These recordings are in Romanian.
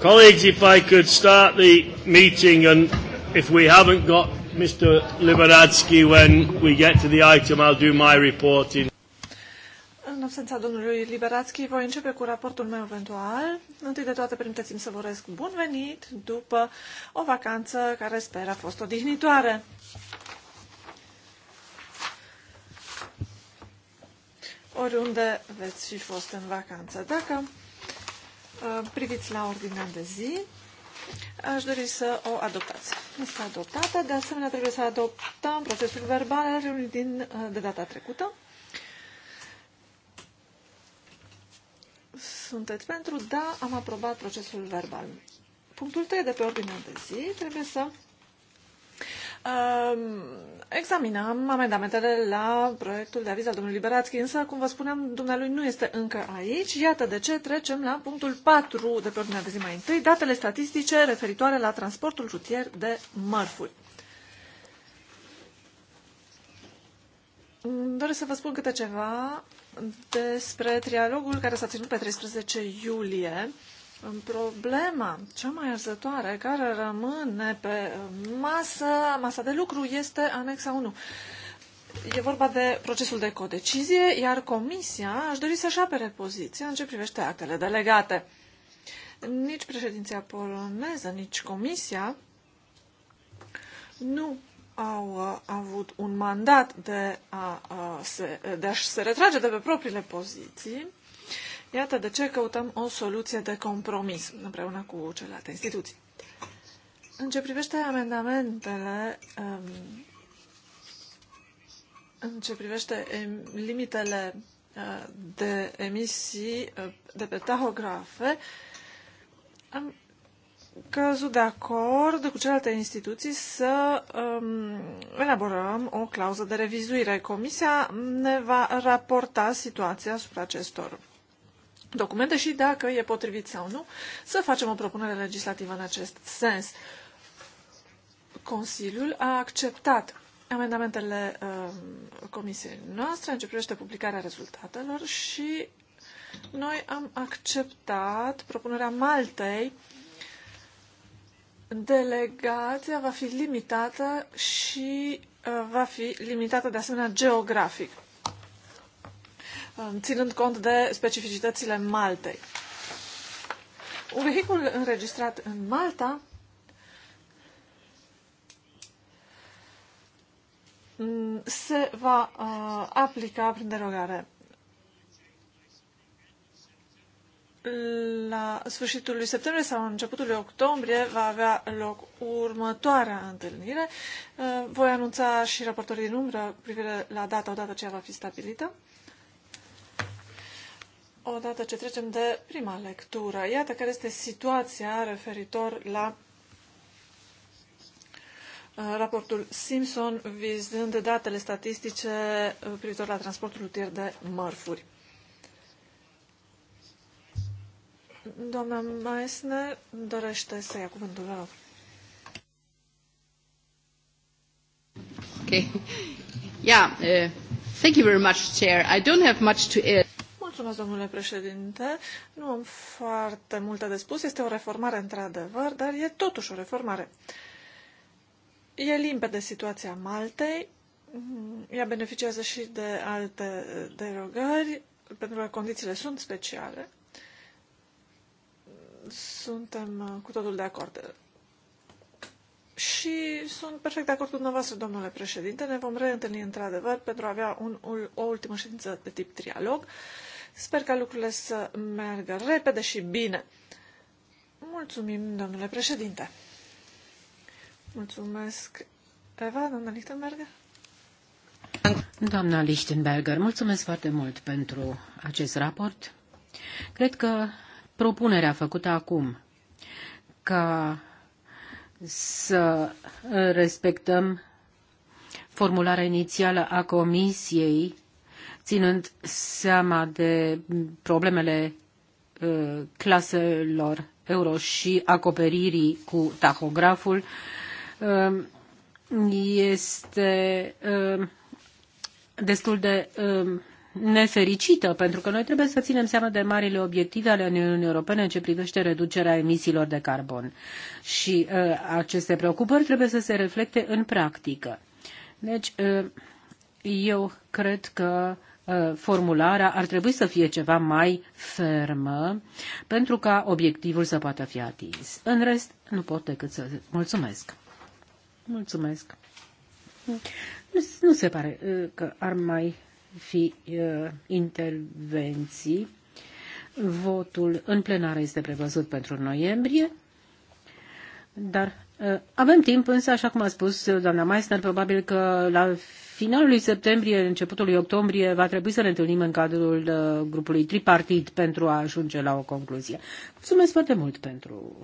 Colleagues, if I could start the meeting, and if we haven't got Mr. Liberadski when we get to the item, I'll do my reporting. În absența domnului Liberațchi, voi începe cu raportul meu eventual. Întâi de toate, permiteți-mi să vă urez bun venit după o vacanță care sper a fost odihnitoare. Oriunde veți fi fost în vacanță. Dacă Uh, priviți la ordinea de zi, aș dori să o adoptați. Este adoptată. De asemenea, trebuie să adoptăm procesul verbal al reuniunii din, uh, de data trecută. Sunteți pentru? Da, am aprobat procesul verbal. Punctul 3 de pe ordinea de zi trebuie să examinăm amendamentele la proiectul de aviz al domnului Liberațchi, însă, cum vă spuneam, dumnealui nu este încă aici. Iată de ce trecem la punctul 4 de pe ordinea de zi mai întâi, datele statistice referitoare la transportul rutier de mărfuri. Doresc să vă spun câte ceva despre trialogul care s-a ținut pe 13 iulie Problema cea mai arzătoare care rămâne pe masă, masa de lucru este anexa 1. E vorba de procesul de codecizie, iar Comisia aș dori să-și apere poziția în ce privește actele delegate. Nici președinția poloneză, nici Comisia nu au uh, avut un mandat de, a, uh, se, de a se retrage de pe propriile poziții Iată de ce căutăm o soluție de compromis împreună cu celelalte instituții. În ce privește amendamentele, um, în ce privește limitele uh, de emisii uh, de pe tahografe, am căzut de acord cu celelalte instituții să um, elaborăm o clauză de revizuire. Comisia ne va raporta situația asupra acestor documente și dacă e potrivit sau nu, să facem o propunere legislativă în acest sens. Consiliul a acceptat amendamentele uh, comisiei noastre în ce privește publicarea rezultatelor și noi am acceptat propunerea Maltei. Delegația va fi limitată și uh, va fi limitată de asemenea geografic. Um, ținând cont de specificitățile Maltei. Un vehicul înregistrat în Malta mm, se va uh, aplica prin derogare. La sfârșitul lui septembrie sau începutul lui octombrie va avea loc următoarea întâlnire. Uh, voi anunța și raportorii din umbră privire la data odată ce ea va fi stabilită odată ce trecem de prima lectură. Iată care este situația referitor la uh, raportul Simpson vizând datele statistice uh, privitor la transportul rutier de mărfuri. Doamna Maesne dorește să ia cuvântul la Okay. Yeah, uh, thank you very much, Chair. I don't have much to add. Mulțumesc, domnule președinte. Nu am foarte multe de spus. Este o reformare, într-adevăr, dar e totuși o reformare. E limpede situația Maltei. Ea beneficiază și de alte derogări, pentru că condițiile sunt speciale. Suntem cu totul de acord. Și sunt perfect de acord cu dumneavoastră, domnule președinte. Ne vom reîntâlni într-adevăr pentru a avea un, o ultimă ședință de tip trialog Sper ca lucrurile să meargă repede și bine. Mulțumim, domnule președinte. Mulțumesc. Eva, doamna Lichtenberger? Doamna Lichtenberger, mulțumesc foarte mult pentru acest raport. Cred că propunerea făcută acum ca să respectăm formularea inițială a Comisiei ținând seama de problemele ă, claselor euro și acoperirii cu tahograful, ă, este ă, destul de nefericită, pentru că noi trebuie să ținem seama de marile obiective ale Uniunii Europene în ce privește reducerea emisiilor de carbon. Și uh, aceste preocupări trebuie să se reflecte în practică. Deci, uh, eu cred că ă, formularea ar trebui să fie ceva mai fermă pentru ca obiectivul să poată fi atins. În rest, nu pot decât să mulțumesc. Mulțumesc. Nu se pare ă, că ar mai fi ă, intervenții. Votul în plenară este prevăzut pentru noiembrie, dar avem timp, însă, așa cum a spus doamna Meissner, probabil că la finalului septembrie, începutul lui octombrie, va trebui să ne întâlnim în cadrul uh, grupului tripartit pentru a ajunge la o concluzie. Mulțumesc foarte mult pentru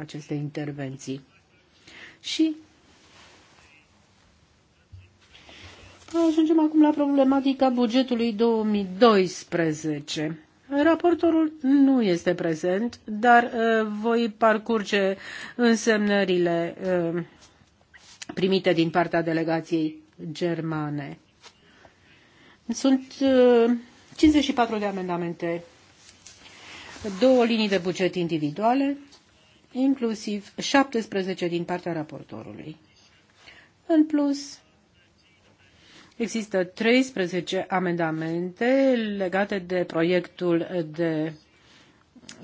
aceste intervenții. Și ajungem acum la problematica bugetului 2012. Raportorul nu este prezent, dar uh, voi parcurge însemnările uh, primite din partea delegației germane. Sunt 54 uh, de amendamente, două linii de buget individuale, inclusiv 17 din partea raportorului. În plus, există 13 amendamente legate de proiectul de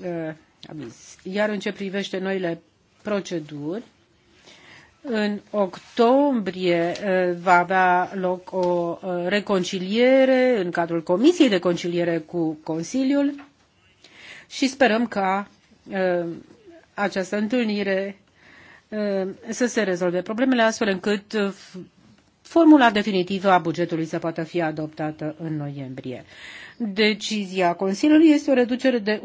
uh, aviz. Iar în ce privește noile proceduri, în octombrie eh, va avea loc o eh, reconciliere în cadrul Comisiei de Conciliere cu Consiliul și sperăm ca eh, această întâlnire să se rezolve problemele astfel încât formula definitivă a bugetului să poată fi adoptată în noiembrie. Decizia Consiliului este o reducere de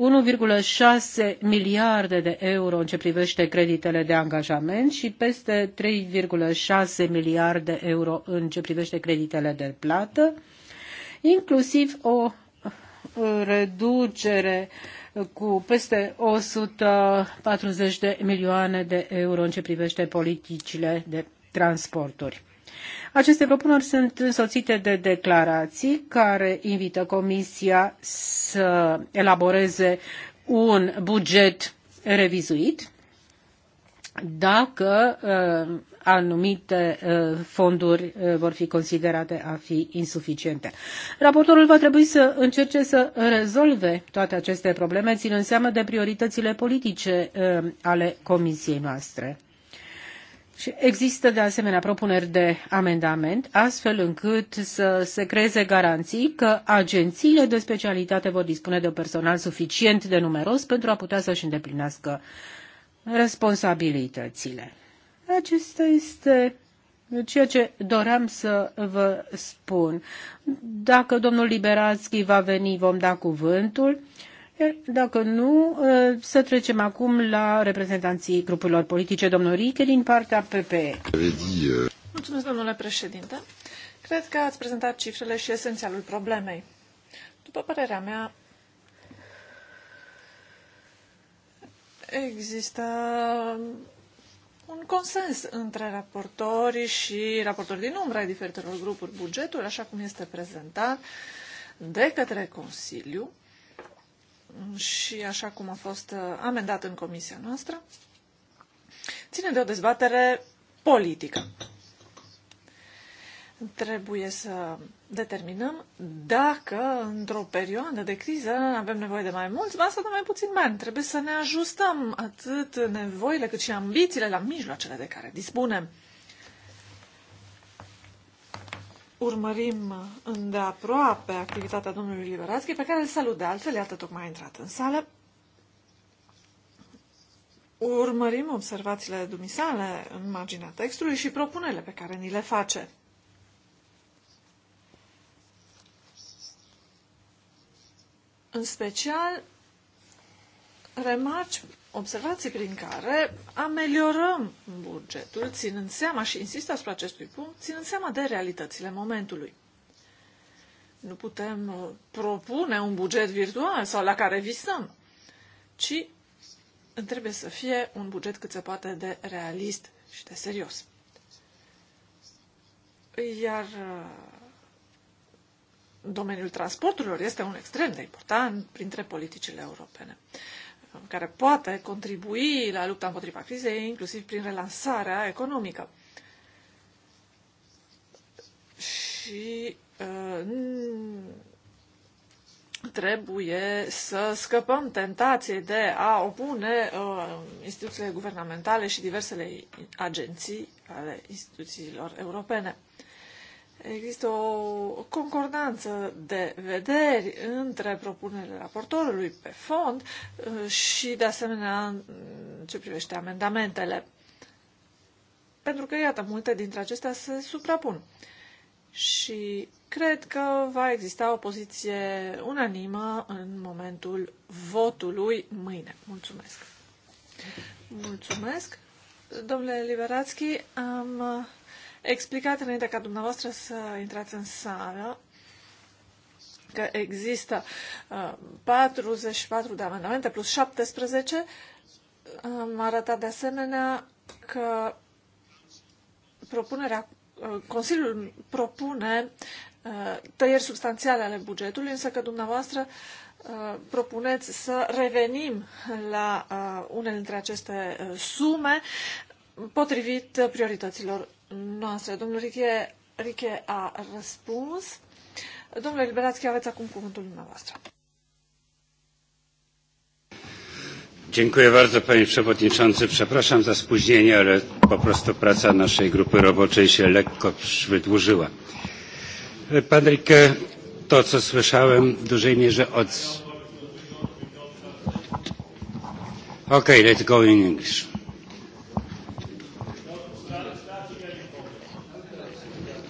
1,6 miliarde de euro în ce privește creditele de angajament și peste 3,6 miliarde euro în ce privește creditele de plată, inclusiv o uh, reducere cu peste 140 de milioane de euro în ce privește politicile de transporturi. Aceste propuneri sunt însoțite de declarații care invită Comisia să elaboreze un buget revizuit dacă uh, anumite uh, fonduri uh, vor fi considerate a fi insuficiente. Raportorul va trebui să încerce să rezolve toate aceste probleme, ținând seama de prioritățile politice ale comisiei noastre. Și există de asemenea propuneri de amendament, astfel încât să se creeze garanții că agențiile de specialitate vor dispune de personal suficient de numeros pentru a putea să-și îndeplinească responsabilitățile. Acesta este ceea ce doream să vă spun. Dacă domnul Liberațchi va veni, vom da cuvântul dacă nu, ă, să trecem acum la reprezentanții grupurilor politice. Domnul Riche din partea PPE. Mulțumesc, domnule președinte. Cred că ați prezentat cifrele și esențialul problemei. După părerea mea, există un consens între raportori și raportori din umbra ai diferitelor grupuri. Bugetul, așa cum este prezentat de către Consiliu, și așa cum a fost uh, amendat în comisia noastră, ține de o dezbatere politică. Trebuie să determinăm dacă într-o perioadă de criză avem nevoie de mai mulți bani sau de mai puțin bani. Trebuie să ne ajustăm atât nevoile cât și ambițiile la mijloacele de care dispunem. urmărim îndeaproape activitatea domnului Liberațchi, pe care îl salut de altfel, iată, tocmai a intrat în sală. Urmărim observațiile dumisale în marginea textului și propunele pe care ni le face. În special, remarci observații prin care ameliorăm bugetul, ținând seama, și insist asupra acestui punct, ținând seama de realitățile momentului. Nu putem uh, propune un buget virtual sau la care visăm, ci trebuie să fie un buget cât se poate de realist și de serios. Iar uh, domeniul transporturilor este un extrem de important printre politicile europene care poate contribui la lupta împotriva crizei, inclusiv prin relansarea economică. Și uh, trebuie să scăpăm tentației de a opune uh, instituțiile guvernamentale și diversele agenții ale instituțiilor europene. Există o concordanță de vederi între propunerile raportorului pe fond uh, și, de asemenea, ce privește amendamentele. Pentru că, iată, multe dintre acestea se suprapun. Și cred că va exista o poziție unanimă în momentul votului mâine. Mulțumesc! Mulțumesc! Domnule Liberațchi, am uh, explicat înainte ca dumneavoastră să intrați în sală că există uh, 44 de amendamente plus 17. Am arătat de asemenea că propunerea, uh, Consiliul propune uh, tăieri substanțiale ale bugetului, însă că dumneavoastră uh, propuneți să revenim la uh, unele dintre aceste sume potrivit priorităților noastră. Domnul Riche, Riche a răspuns. Domnule Liberați, chiar aveți acum cuvântul dumneavoastră. Dziękuję bardzo panie przewodniczący. Przepraszam za spóźnienie, ale po prostu praca naszej grupy roboczej się lekko wydłużyła. Pan Rikke, to co słyszałem w dużej mierze od... Okay, let's go in English.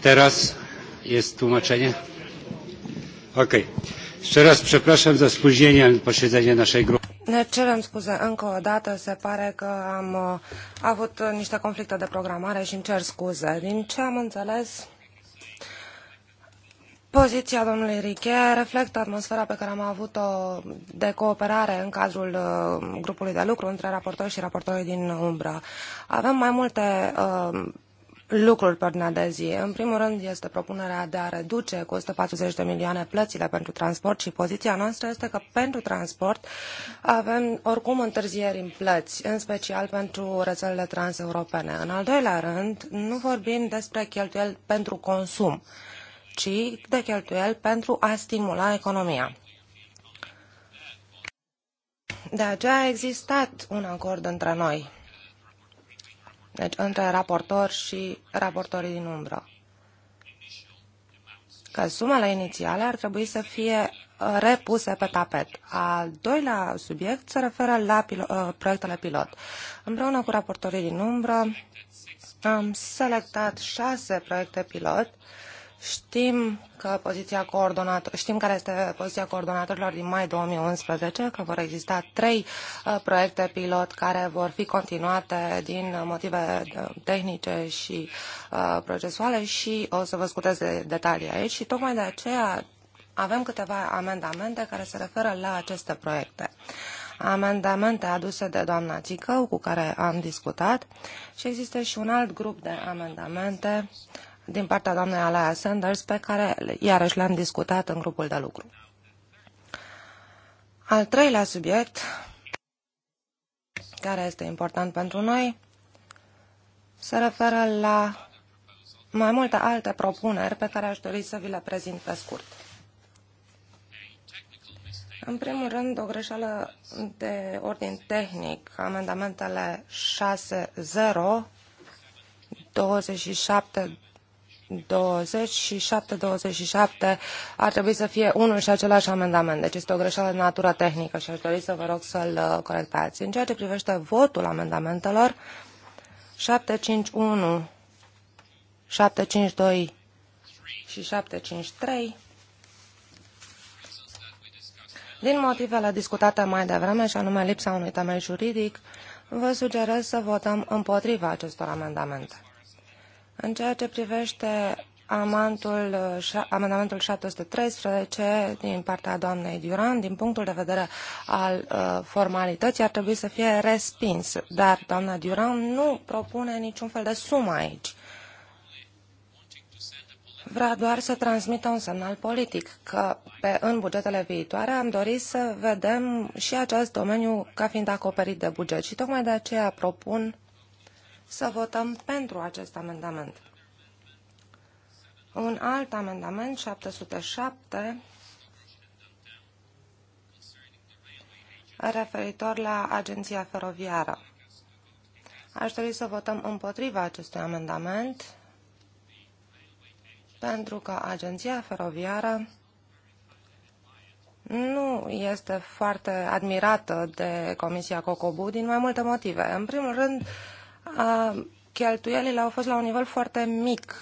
Teraz jest tłumaczenie? Ok. Jeszcze raz przepraszam za spóźnienie na posiedzenie naszej grupy. Ne cerem scuze încă o dată, se pare că am uh, avut niște conflicte de programare și îmi cer scuze. Din ce am înțeles, Poziția domnului Riche reflectă atmosfera pe care am avut-o de cooperare în cadrul uh, grupului de lucru între raportori și raportorii din umbră. Avem mai multe uh, lucruri pe ordinea de zi. În primul rând este propunerea de a reduce cu 140 de milioane plățile pentru transport și poziția noastră este că pentru transport avem oricum întârzieri în plăți, în special pentru rețelele transeuropene. În al doilea rând, nu vorbim despre cheltuieli pentru consum. Uh, ci de cheltuieli pentru a stimula economia. De aceea a existat un acord între noi, deci între raportor și raportorii din umbră, că sumele inițiale ar trebui să fie uh, repuse pe tapet. Al doilea subiect se referă la pilo- uh, proiectele pilot. Împreună cu raportorii din umbră am selectat șase proiecte pilot Știm, că poziția coordonator, știm care este poziția coordonatorilor din mai 2011, că vor exista trei uh, proiecte pilot care vor fi continuate din motive uh, tehnice și uh, procesuale și o să vă scutez de detalii aici și tocmai de aceea avem câteva amendamente care se referă la aceste proiecte amendamente aduse de doamna Țicău, cu care am discutat, și există și un alt grup de amendamente din partea doamnei Alaya Sanders, pe care iarăși le-am discutat în grupul de lucru. Al treilea subiect, care este important pentru noi, se referă la mai multe alte propuneri pe care aș dori să vi le prezint pe scurt. În primul rând, o greșeală de ordin tehnic, amendamentele 6.0, 27, 27, și ar trebui să fie unul și același amendament. Deci este o greșeală de natură tehnică și aș dori să vă rog să-l uh, corectați. În ceea ce privește votul amendamentelor, 751, 752 și 753 din motivele discutate mai devreme, și anume lipsa unui temei juridic, vă sugerez să votăm împotriva acestor amendamente. În ceea ce privește amantul, amendamentul 713 din partea doamnei Duran, din punctul de vedere al uh, formalității, ar trebui să fie respins. Dar doamna Duran nu propune niciun fel de sumă aici. Vrea doar să transmită un semnal politic că pe, în bugetele viitoare am dorit să vedem și acest domeniu ca fiind acoperit de buget. Și tocmai de aceea propun să votăm pentru acest amendament. Un alt amendament, 707, referitor la Agenția Feroviară. Aș dori să votăm împotriva acestui amendament, pentru că Agenția Feroviară nu este foarte admirată de Comisia Cocobu din mai multe motive. În primul rând, cheltuielile au fost la un nivel foarte mic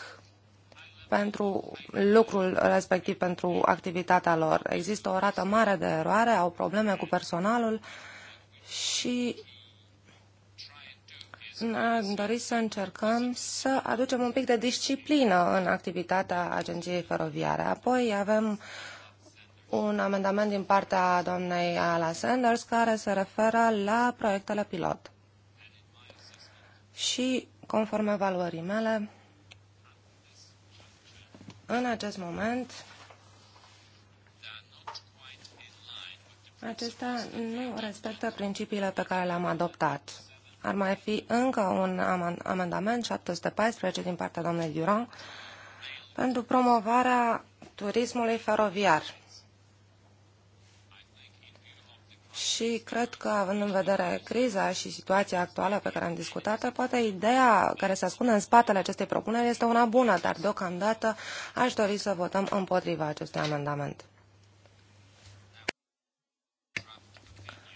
pentru lucrul respectiv, pentru activitatea lor. Există o rată mare de eroare, au probleme cu personalul și am dorit să încercăm să aducem un pic de disciplină în activitatea agenției feroviare. Apoi avem un amendament din partea doamnei Ala Sanders care se referă la proiectele pilot și, conform evaluării mele, în acest moment, acesta nu respectă principiile pe care le-am adoptat. Ar mai fi încă un amendament, 714, din partea doamnei Durand, pentru promovarea turismului feroviar. și cred că, având în vedere criza și situația actuală pe care am discutat-o, poate ideea care se ascunde în spatele acestei propuneri este una bună, dar deocamdată aș dori să votăm împotriva acestui amendament.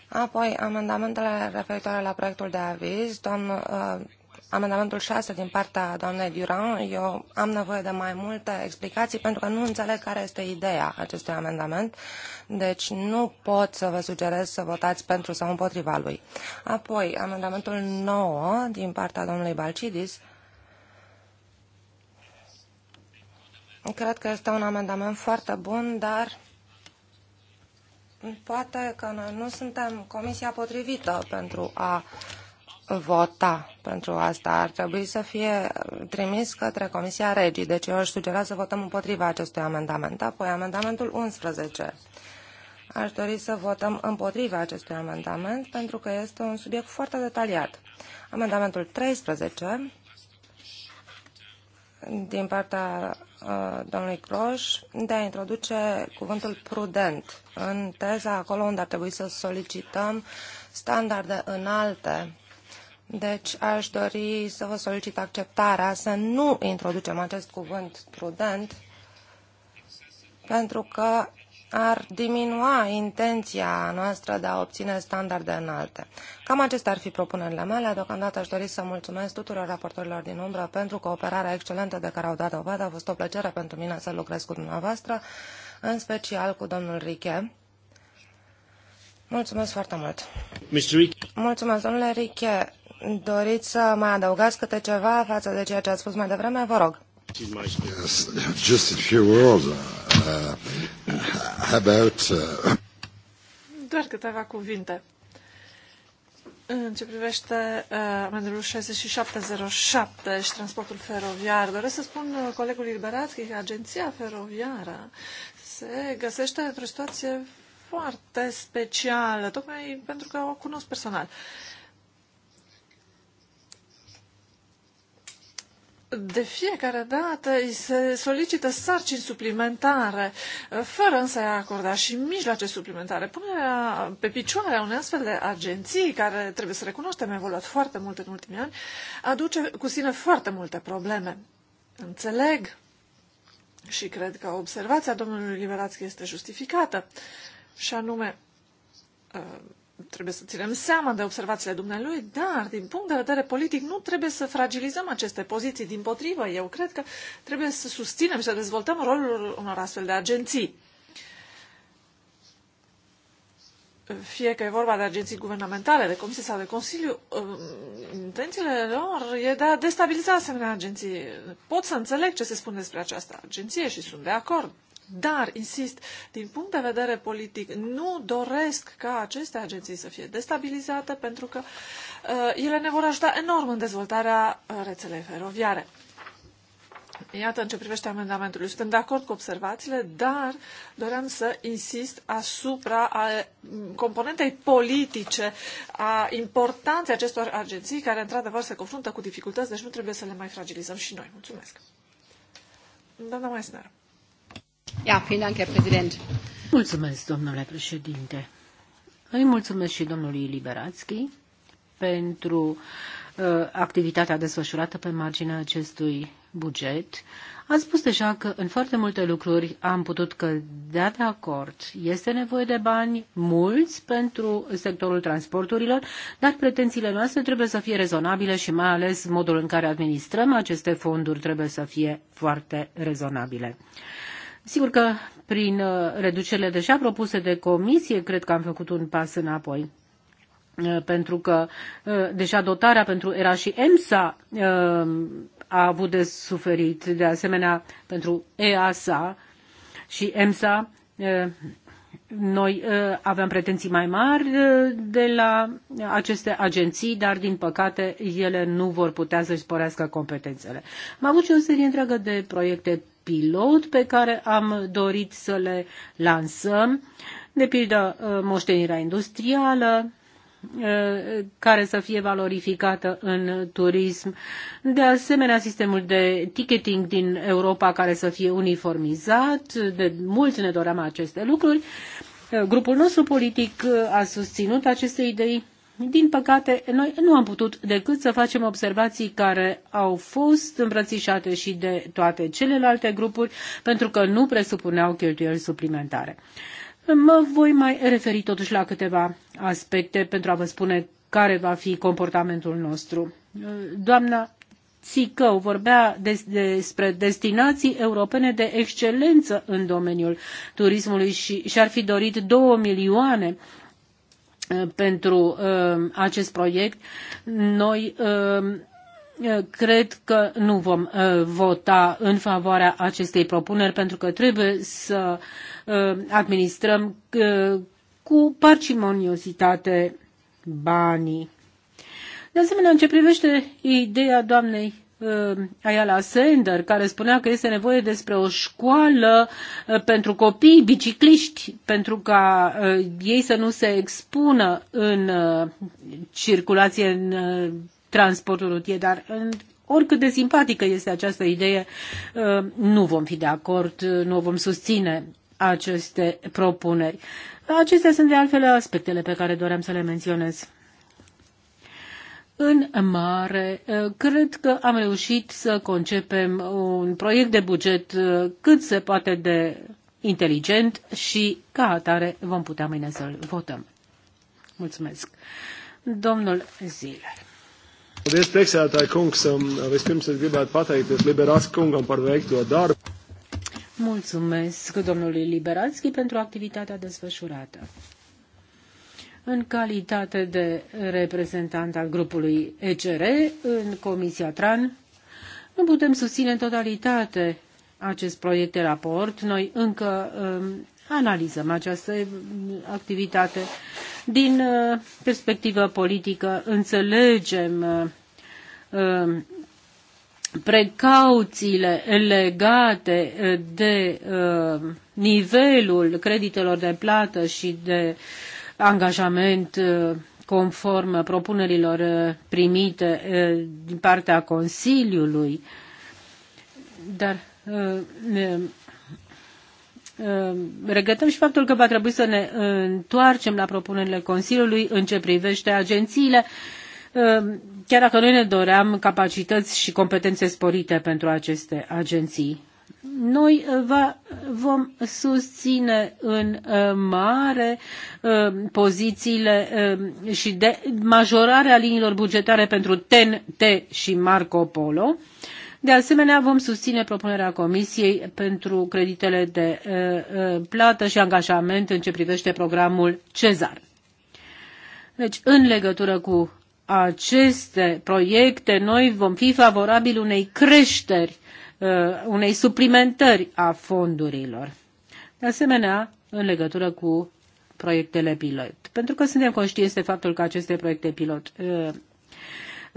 Apoi, amendamentele referitoare la proiectul de aviz, doamnă, uh, amendamentul 6 din partea doamnei Durand, eu am nevoie de mai multe explicații pentru că nu înțeleg care este ideea acestui amendament, deci nu pot să vă sugerez să votați pentru sau împotriva lui. Apoi, amendamentul 9 din partea domnului Balcidis, cred că este un amendament foarte bun, dar poate că noi nu suntem comisia potrivită pentru a uh, vota pentru asta. Ar trebui să fie trimis către Comisia Regii. Deci eu aș sugera să votăm împotriva acestui amendament. Apoi amendamentul 11. Aș dori să votăm împotriva acestui amendament pentru că este un subiect foarte detaliat. Amendamentul 13 din partea uh, domnului Croș de a introduce cuvântul prudent în teza acolo unde ar trebui să solicităm standarde înalte deci aș dori să vă solicit acceptarea să nu introducem acest cuvânt prudent, pentru că ar diminua intenția noastră de a obține standarde înalte. Cam acestea ar fi propunerile mele. Deocamdată aș dori să mulțumesc tuturor raportorilor din umbră pentru cooperarea excelentă de care au dat dovadă. A fost o plăcere pentru mine să lucrez cu dumneavoastră, în special cu domnul Riche. Mulțumesc foarte mult. Mulțumesc, domnule Riche doriți să mai adăugați câte ceva față de ceea ce ați spus mai devreme, vă rog. Yes, just a few words uh, uh about... Uh... Doar câteva cuvinte. În ce privește uh, amendul 6707 și transportul feroviar, doresc să spun uh, colegului liberat că agenția feroviară se găsește într-o situație foarte specială, tocmai pentru că o cunosc personal. Uh, de fiecare dată îi se solicită sarcini suplimentare, fără însă a acorda și mijloace suplimentare. Punerea pe picioare a unei astfel de agenții, care trebuie să recunoaștem a evoluat foarte mult în ultimii ani, aduce cu sine foarte multe probleme. Înțeleg și cred că observația domnului Liberațchi este justificată, și anume trebuie să ținem seama de observațiile dumnealui, dar din punct de vedere politic nu trebuie să fragilizăm aceste poziții. Din potrivă, eu cred că trebuie să susținem și să dezvoltăm rolul unor astfel de agenții. Fie că e vorba de agenții guvernamentale, de comisie sau de consiliu, um, intențiile lor e de a destabiliza asemenea agenții. Pot să înțeleg ce se spune despre această agenție și sunt de acord. Dar, insist, din punct de vedere politic, nu doresc ca aceste agenții să fie destabilizate pentru că uh, ele ne vor ajuta enorm în dezvoltarea uh, rețelei feroviare. Iată, în ce privește amendamentul, eu suntem de acord cu observațiile, dar doream să insist asupra a mm, componentei politice, a importanței acestor agenții, care într-adevăr se confruntă cu dificultăți, deci nu trebuie să le mai fragilizăm și noi. Mulțumesc. Doamna Meissner. Mulțumesc, domnule președinte. Îi mulțumesc și domnului Liberațchi pentru uh, activitatea desfășurată pe marginea acestui buget. Ați spus deja că în foarte multe lucruri am putut cădea de acord. Este nevoie de bani mulți pentru sectorul transporturilor, dar pretențiile noastre trebuie să fie rezonabile și mai ales modul în care administrăm aceste fonduri trebuie să fie foarte rezonabile. Sigur că prin uh, reducerile deja propuse de comisie, cred că am făcut un pas înapoi uh, pentru că uh, deja dotarea pentru ERA și EMSA a avut de suferit, de asemenea pentru EASA și EMSA. Noi aveam pretenții mai mari de la aceste agenții, dar din păcate ele nu vor putea să-și sporească competențele. Am avut și o serie întreagă de proiecte pilot pe care am dorit să le lansăm, de pildă uh, moștenirea industrială, uh, care să fie valorificată în turism. De asemenea, sistemul de ticketing din Europa care să fie uniformizat. De mult ne doream aceste lucruri. Uh, grupul nostru politic a susținut aceste idei din păcate, noi nu am putut decât să facem observații care au fost îmbrățișate și de toate celelalte grupuri, pentru că nu presupuneau cheltuieli suplimentare. Mă voi mai referi totuși la câteva aspecte pentru a vă spune care va fi comportamentul nostru. Doamna Țicău vorbea des, despre destinații europene de excelență în domeniul turismului și și-ar fi dorit 2 milioane uh, Uh, pentru uh, acest proiect. Noi uh, cred că nu vom vota în favoarea acestei propuneri pentru că trebuie să administrăm cu parcimoniozitate banii. De asemenea, în ce privește ideea doamnei Uh, Ayala Sender, care spunea că este nevoie despre o școală uh, pentru copii bicicliști, pentru ca uh, ei să nu se expună în circulație, în transportul rutier, dar în oricât de simpatică este această idee, nu vom fi de acord, nu vom susține aceste propuneri. Acestea sunt de altfel aspectele pe care doream să le menționez. În mare, uh, cred că am reușit să concepem un proiect de buget uh, cât se poate de inteligent și ca atare vom putea mâine să-l votăm. Mulțumesc. Domnul Ziller. Paldies, priekšsēdētāji kungs. Vispirms es gribētu pateikties Liberāts kungam par veikto darbu. Mulțumesc domnului Liberatski pentru activitatea desfășurată în calitate de reprezentant al grupului ECR în Comisia TRAN. Nu putem susține în totalitate acest proiect de raport. Noi încă um, analizăm această um, activitate. Din uh, perspectivă politică înțelegem uh, um, precauțiile legate uh, de nivelul creditelor de plată și de uh, angajament uh, conform propunerilor uh, primite uh, din partea Consiliului, dar regretăm și faptul că va trebui să ne întoarcem la propunerile Consiliului în ce privește agențiile, chiar dacă noi ne doream capacități și competențe sporite pentru aceste agenții. Noi uh, va, vom susține în uh, mare uh, pozițiile și de majorarea liniilor bugetare pentru TNT și Marco Polo. De asemenea, vom susține propunerea Comisiei pentru creditele de plată și angajament în ce privește programul Cezar. Deci, în legătură cu aceste proiecte, noi vom fi favorabili unei creșteri Uh, unei suplimentări a fondurilor. De asemenea, în legătură cu proiectele pilot. Pentru că suntem conștienți de faptul că aceste proiecte pilot uh,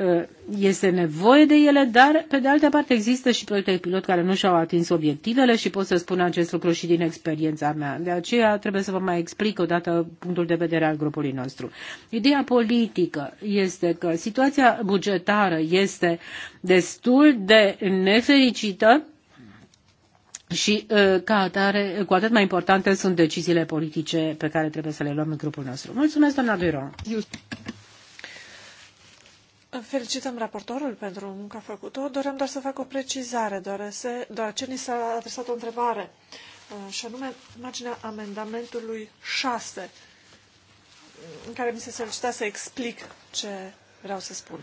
Uh, este nevoie de ele, dar pe de altă parte există și proiecte pilot care nu și-au atins obiectivele și pot să spun acest lucru și din experiența mea. De aceea trebuie să vă mai explic o dată punctul de vedere al grupului nostru. Ideea politică este că situația bugetară este destul de nefericită și uh, ca atare, cu atât mai importante sunt deciziile politice pe care trebuie să le luăm în grupul nostru. Mulțumesc, doamna Duron. Felicităm raportorul pentru munca făcută. Doream doar să fac o precizare, deoarece, deoarece ni s-a adresat o întrebare, uh, și anume marginea amendamentului 6, în care mi se solicita să explic ce vreau să spun.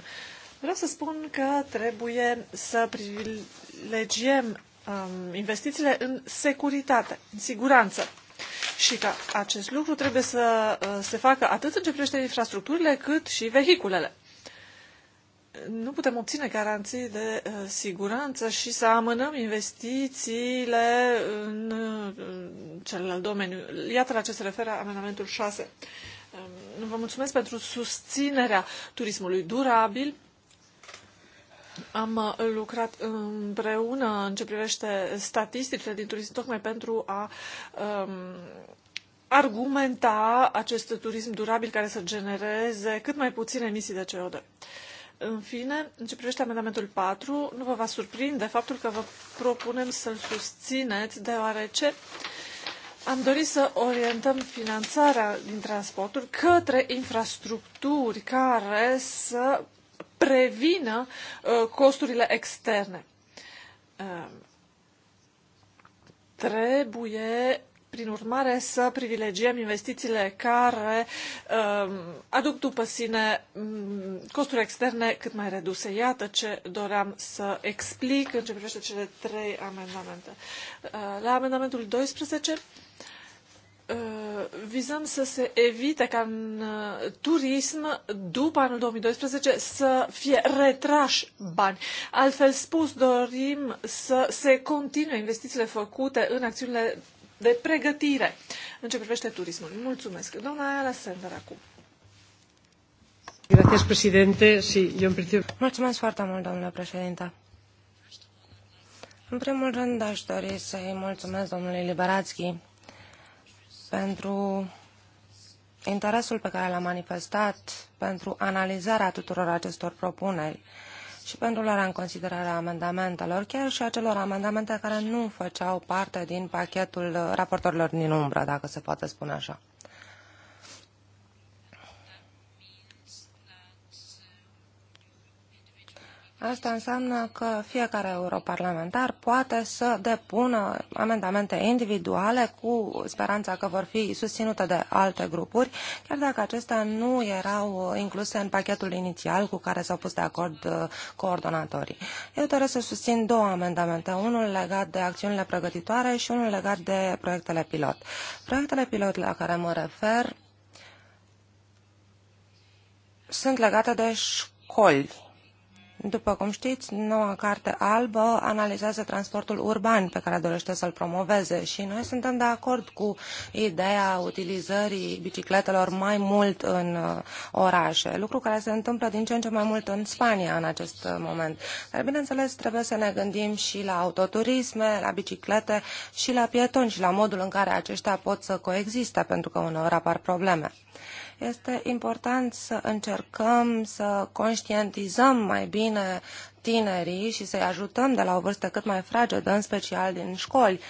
Vreau să spun că trebuie să privilegiem um, investițiile în securitate, în siguranță. Și că acest lucru trebuie să uh, se facă atât în ce privește infrastructurile, cât și vehiculele nu putem obține garanții de uh, siguranță și să amânăm investițiile uh, în celălalt domeniu. Iată la ce se referă amendamentul 6. Um, vă mulțumesc pentru susținerea turismului durabil. Am uh, lucrat împreună în ce privește statisticile din turism, tocmai pentru a um, argumenta acest turism durabil care să genereze cât mai puține emisii de CO2. În fine, în ce privește amendamentul 4, nu vă va surprinde faptul că vă propunem să-l susțineți, deoarece am dorit să orientăm finanțarea din transporturi către infrastructuri care să prevină uh, costurile externe. Uh, trebuie prin urmare, să privilegiem investițiile care uh, aduc după sine um, costuri externe cât mai reduse. Iată ce doream să explic în ce privește cele trei amendamente. Uh, la amendamentul 12 uh, vizăm să se evite ca în uh, turism, după anul 2012, să fie retrași bani. Altfel spus, dorim să se continue investițiile făcute în acțiunile de pregătire în ce privește turismul. Mulțumesc. Doamna Ayala Sender acum. Gracias, presidente. Sí, yo en principio... Mulțumesc foarte mult, domnule președinte. În primul rând, aș dori să-i mulțumesc domnului Liberațchi pentru interesul pe care l-a manifestat pentru analizarea tuturor acestor propuneri și pentru luarea în considerare a amendamentelor, chiar și acelor amendamente care nu făceau parte din pachetul raportorilor din umbră, dacă se poate spune așa. Asta înseamnă că fiecare europarlamentar poate să depună amendamente individuale cu speranța că vor fi susținute de alte grupuri, chiar dacă acestea nu erau uh, incluse în pachetul inițial cu care s-au pus de acord uh, coordonatorii. Eu doresc să susțin două amendamente, unul legat de acțiunile pregătitoare și unul legat de proiectele pilot. Proiectele pilot la care mă refer sunt legate de școli după cum știți, noua carte albă analizează transportul urban pe care dorește să-l promoveze și noi suntem de acord cu ideea utilizării bicicletelor mai mult în uh, orașe, lucru care se întâmplă din ce în ce mai mult în Spania în acest uh, moment. Dar, bineînțeles, trebuie să ne gândim și la autoturisme, la biciclete și la pietoni și la modul în care aceștia pot să coexiste, pentru că uneori apar probleme. Este important să încercăm să conștientizăm mai bine tinerii și să-i ajutăm de la o vârstă cât mai fragedă, în special din școli,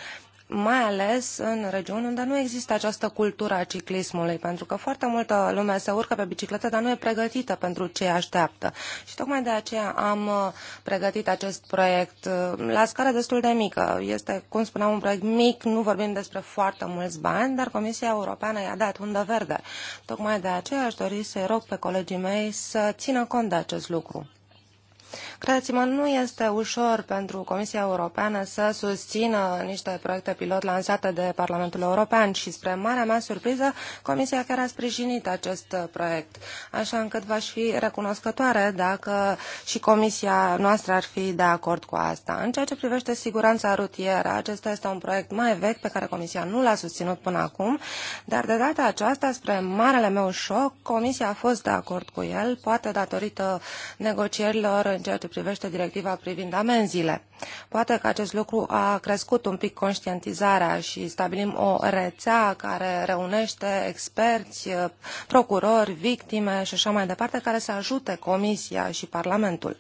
mai ales în regiuni unde nu există această cultură a ciclismului, pentru că foarte multă lume se urcă pe bicicletă, dar nu e pregătită pentru ce așteaptă. Și tocmai de aceea am uh, pregătit acest proiect uh, la scară destul de mică. Este, cum spuneam, un proiect mic, nu vorbim despre foarte mulți bani, dar Comisia Europeană i-a dat undă verde. Tocmai de aceea aș dori să rog pe colegii mei să țină cont de acest lucru. Credeți-mă, nu este ușor pentru Comisia Europeană să susțină niște proiecte pilot lansate de Parlamentul European și, spre marea mea surpriză, Comisia chiar a sprijinit acest proiect, așa încât v-aș fi recunoscătoare dacă și Comisia noastră ar fi de acord cu asta. În ceea ce privește siguranța rutieră, acesta este un proiect mai vechi pe care Comisia nu l-a susținut până acum, dar de data aceasta, spre marele meu șoc, Comisia a fost de acord cu el, poate datorită negocierilor în ceea ce privește directiva privind amenziile. Poate că acest lucru a crescut un pic conștientizarea și stabilim o rețea care reunește experți, eh, procurori, victime și așa mai departe, care să ajute Comisia și Parlamentul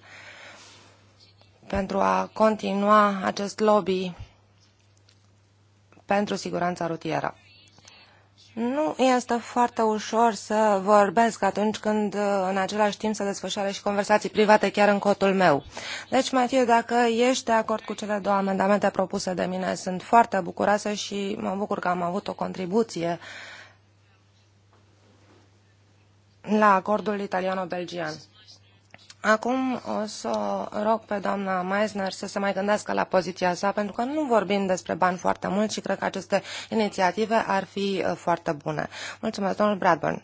pentru a continua acest lobby pentru siguranța rutieră. Nu este foarte ușor să vorbesc atunci când în același timp se desfășoară și conversații private chiar în cotul meu. Deci, Matiu, dacă ești de acord cu cele două amendamente propuse de mine, sunt foarte bucuroasă și mă bucur că am avut o contribuție la acordul italiano-belgian. Acum o să rog pe doamna Meisner să se mai gândească la poziția sa, pentru că nu vorbim despre bani foarte mult și cred că aceste inițiative ar fi uh, foarte bune. Mulțumesc, domnul Bradburn. Uh,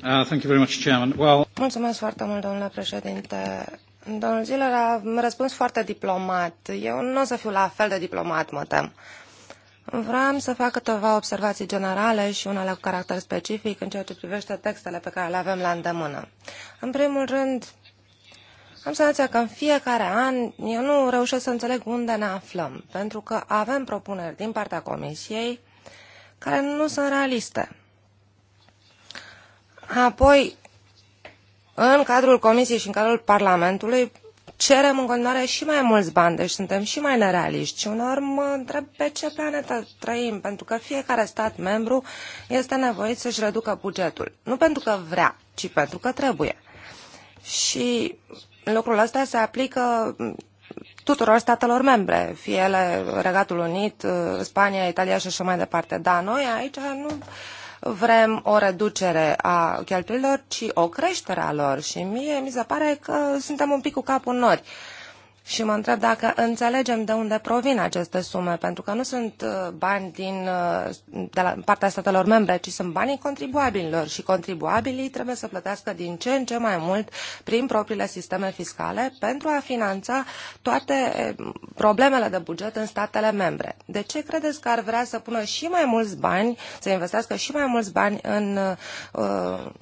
thank you very much, Chairman. Well... Mulțumesc foarte mult, domnule președinte. Domnul Ziller a răspuns foarte diplomat. Eu nu o să fiu la fel de diplomat, mă tem. Vreau să fac câteva observații generale și unele cu caracter specific în ceea ce privește textele pe care le avem la îndemână. În primul rând, am senzația că în fiecare an eu nu reușesc să înțeleg unde ne aflăm, pentru că avem propuneri din partea Comisiei care nu sunt realiste. Apoi, în cadrul Comisiei și în cadrul Parlamentului, cerem în continuare și mai mulți bani, deci suntem și mai nerealiști. Și uneori mă întreb pe ce planetă trăim, pentru că fiecare stat membru este nevoit să-și reducă bugetul. Nu pentru că vrea, ci pentru că trebuie. Și Lucrul ăsta se aplică tuturor statelor membre, fie ele Regatul Unit, uh, Spania, Italia și așa mai departe. Dar noi aici nu vrem o reducere a cheltuielor, ci o creștere a lor și mie mi se pare că suntem un pic cu capul în nori. Uh, și mă întreb dacă înțelegem de unde provin aceste sume, pentru că nu sunt uh, bani din, uh, de la partea statelor membre, ci sunt banii contribuabililor și contribuabilii trebuie să plătească din ce în ce mai mult prin propriile sisteme fiscale pentru a finanța toate eh, problemele de buget în statele membre. De ce credeți că ar vrea să pună și mai mulți bani, să investească și mai mulți bani în uh,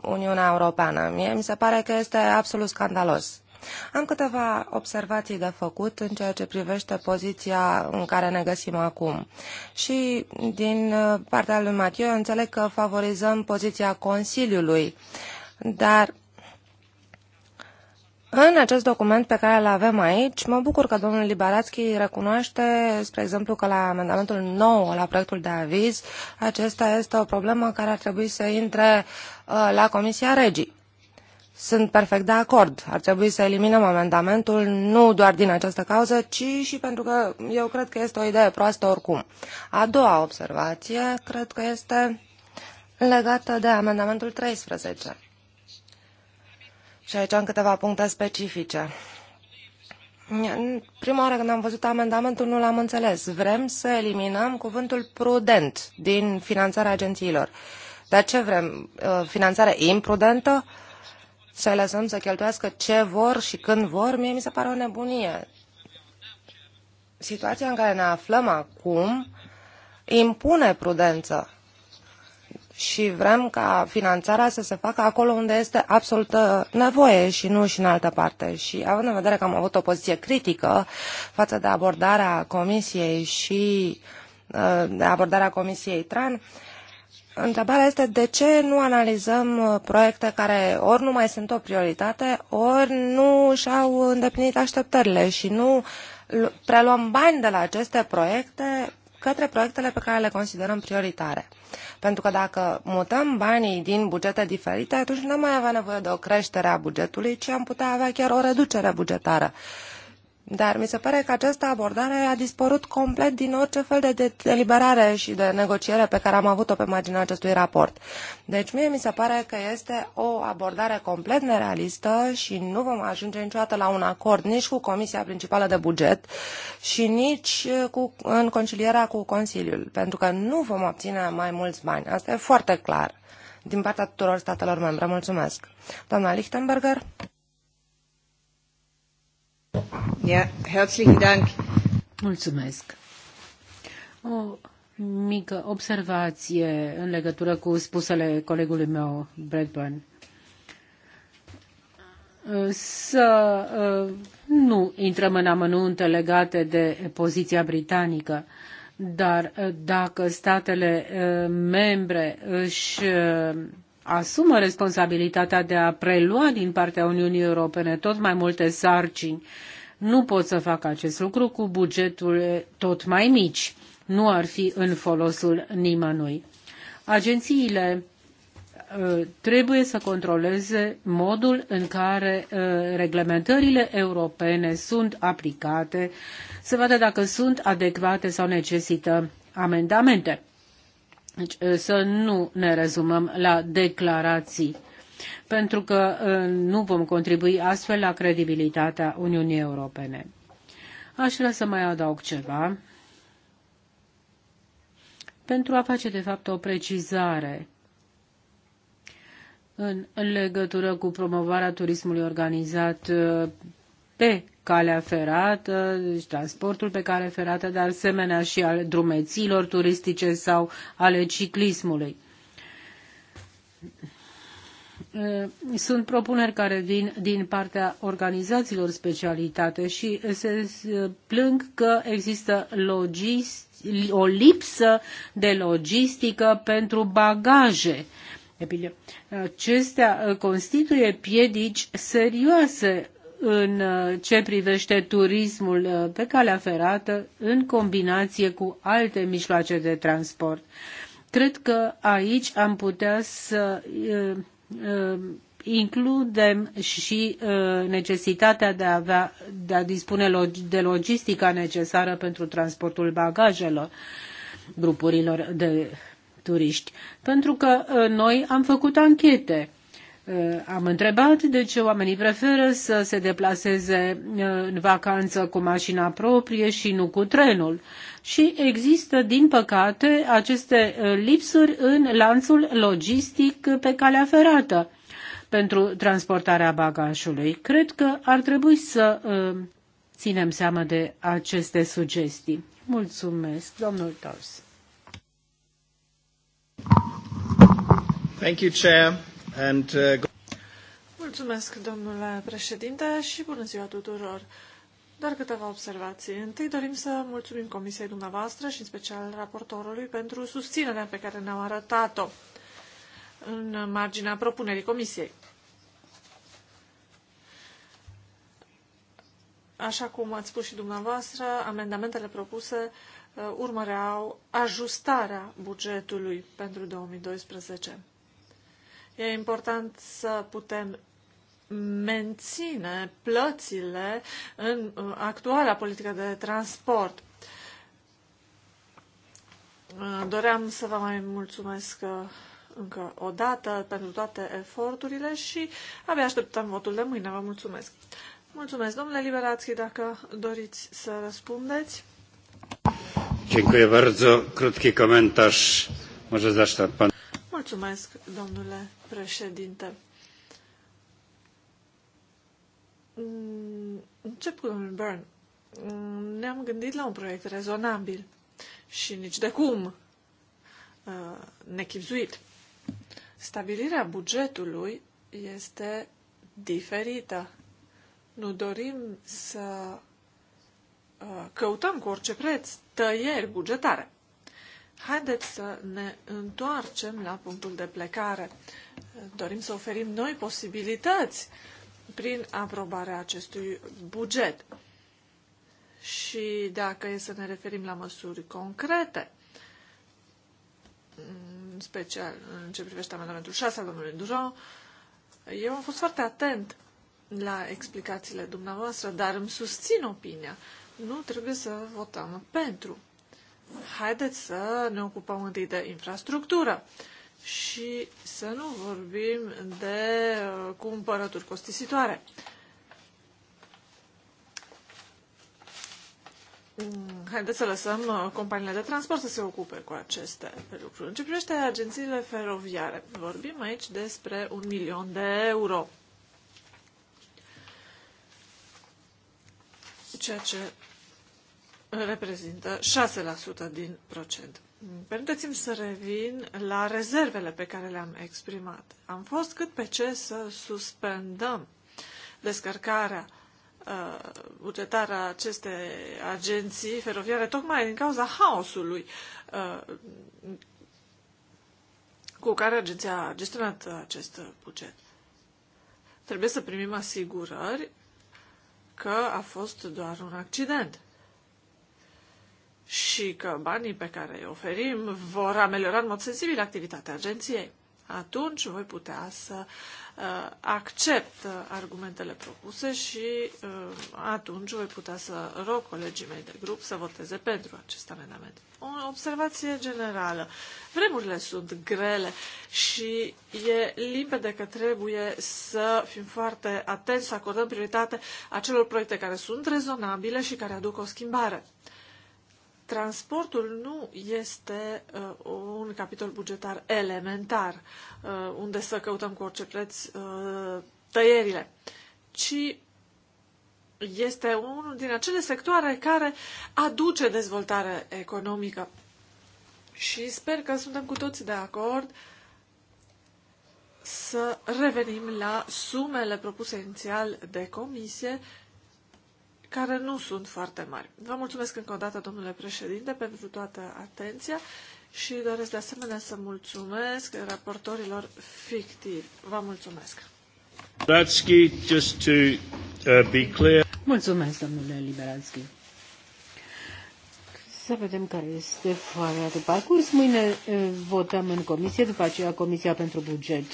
Uniunea Europeană? Mie mi se pare că este absolut scandalos. Am câteva observații de făcut în ceea ce privește poziția în care ne găsim acum. Și din uh, partea lui Matiu, înțeleg că favorizăm poziția Consiliului, dar în acest document pe care îl avem aici, mă bucur că domnul Liberațchi recunoaște, spre exemplu, că la amendamentul 9 la proiectul de aviz, acesta este o problemă care ar trebui să intre uh, la Comisia Regii. Sunt perfect de acord. Ar trebui să eliminăm amendamentul nu doar din această cauză, ci și pentru că eu cred că este o idee proastă oricum. A doua observație cred că este legată de amendamentul 13. Și aici am câteva puncte specifice. Prima oară când am văzut amendamentul, nu l-am înțeles. Vrem să eliminăm cuvântul prudent din finanțarea agențiilor. Dar ce vrem? Uh, finanțarea imprudentă? să lăsăm să cheltuiască ce vor și când vor, mie mi se pare o nebunie. Situația în care ne aflăm acum impune prudență și vrem ca finanțarea să se facă acolo unde este absolută nevoie și nu și în altă parte. Și având în vedere că am avut o poziție critică față de abordarea Comisiei și uh, de abordarea Comisiei TRAN, uh, Întrebarea este de ce nu analizăm uh, proiecte care ori nu mai sunt o prioritate, ori nu și-au îndeplinit așteptările și nu preluăm bani de la aceste proiecte către proiectele pe care le considerăm prioritare. Pentru că dacă mutăm banii din bugete diferite, atunci nu mai avea nevoie de o creștere a bugetului, ci am putea avea chiar o reducere bugetară. Uh, dar mi se pare că această abordare a dispărut complet din orice fel de deliberare și de negociere pe care am avut-o pe marginea acestui raport. Deci mie mi se pare că este o abordare complet nerealistă și nu vom ajunge niciodată la un acord nici cu Comisia Principală de Buget și nici cu, în concilierea cu Consiliul, pentru că nu vom obține mai mulți bani. Asta e foarte clar din partea tuturor statelor membre. Mulțumesc. Doamna Lichtenberger? Mulțumesc. O mică observație în legătură cu spusele colegului meu, Bradburn. Să uh, nu intrăm în amănunte legate de poziția britanică, dar uh, dacă statele uh, membre își asumă responsabilitatea de a prelua din partea Uniunii Europene tot mai multe sarcini. Nu pot să fac acest lucru cu bugetul tot mai mici. Nu ar fi în folosul nimănui. Agențiile uh, trebuie să controleze modul în care uh, reglementările europene sunt aplicate, să vadă dacă sunt adecvate sau necesită amendamente. Deci ă, să nu ne rezumăm la declarații, pentru că ă, nu vom contribui astfel la credibilitatea Uniunii Europene. Aș vrea să mai adaug ceva pentru a face de fapt o precizare în legătură cu promovarea turismului organizat ă, pe calea ferată, deci transportul pe calea ferată, dar asemenea și al drumeților turistice sau ale ciclismului. Sunt propuneri care vin din partea organizațiilor specialitate și se plâng că există logist, o lipsă de logistică pentru bagaje. Acestea constituie piedici serioase în uh, ce privește turismul uh, pe calea ferată în combinație cu alte mijloace de transport. Cred că aici am putea să uh, includem și necesitatea de a, avea, de a dispune de logistica necesară pentru transportul bagajelor grupurilor de turiști. Pentru că noi am făcut anchete Uh, am întrebat de deci, ce oamenii preferă să se deplaseze uh, în vacanță cu mașina proprie și nu cu trenul. Și există, din păcate, aceste uh, lipsuri în lanțul logistic pe calea ferată pentru transportarea bagajului. Cred că ar trebui să ținem seama de aceste sugestii. Mulțumesc, domnul Tors. Thank you, Chair. Uh, Mulțumesc, domnule președinte, și bună ziua tuturor. Doar câteva observații. Întâi dorim să mulțumim Comisiei dumneavoastră și în special raportorului pentru susținerea pe care ne-au arătat-o în marginea propunerii Comisiei. Așa cum ați spus și dumneavoastră, amendamentele propuse uh, urmăreau ajustarea bugetului pentru 2012. E important să putem menține plățile în uh, actuala politică de transport. Uh, doream să vă mai mulțumesc uh, încă o dată pentru toate eforturile și abia așteptăm votul de mâine. Vă mulțumesc! Mulțumesc, domnule Liberațchi, dacă doriți să răspundeți. Dziękuję bardzo. Krótki komentarz. Może zacznę pan. Mulțumesc, domnule președinte. Mm, încep cu domnul Burn. Mm, ne-am gândit la un proiect rezonabil și nici de cum uh, nechipzuit. Stabilirea bugetului este diferită. Nu dorim să uh, căutăm cu orice preț tăieri bugetare. Haideți să ne întoarcem la punctul de plecare. Dorim să oferim noi posibilități prin aprobarea acestui buget. Și dacă e să ne referim la măsuri concrete, în special în ce privește amendamentul 6 al domnului Duron, eu am fost foarte atent la explicațiile dumneavoastră, dar îmi susțin opinia. Nu trebuie să votăm pentru haideți să ne ocupăm întâi de infrastructură și să nu vorbim de uh, cumpărături costisitoare. Mm, haideți să lăsăm uh, companiile de transport să se ocupe cu aceste lucruri. În ce privește agențiile feroviare, vorbim aici despre un milion de euro. Ceea ce reprezintă 6% din procent. Permiteți-mi să revin la rezervele pe care le-am exprimat. Am fost cât pe ce să suspendăm descărcarea uh, bugetară a acestei agenții feroviare, tocmai din cauza haosului uh, cu care agenția a gestionat acest buget. Trebuie să primim asigurări că a fost doar un accident și că banii pe care îi oferim vor ameliora în mod sensibil activitatea agenției, atunci voi putea să uh, accept uh, argumentele propuse și uh, atunci voi putea să rog colegii mei de grup să voteze pentru acest amendament. O observație generală. Vremurile sunt grele și e limpede că trebuie să fim foarte atenți, să acordăm prioritate acelor proiecte care sunt rezonabile și care aduc o schimbare transportul nu este uh, un capitol bugetar elementar, uh, unde să căutăm cu orice preț uh, tăierile, ci este unul din acele sectoare care aduce dezvoltare economică. Și sper că suntem cu toți de acord să revenim la sumele propuse inițial de comisie uh, care nu sunt foarte mari. Vă mulțumesc încă o dată, domnule președinte, pentru toată atenția și doresc de asemenea să mulțumesc raportorilor fictivi. Vă mulțumesc! Liberalski, just to uh, be clear. Mulțumesc, domnule Liberalski. Să vedem care este foaia de parcurs. Mâine uh, votăm în comisie, după aceea Comisia pentru Buget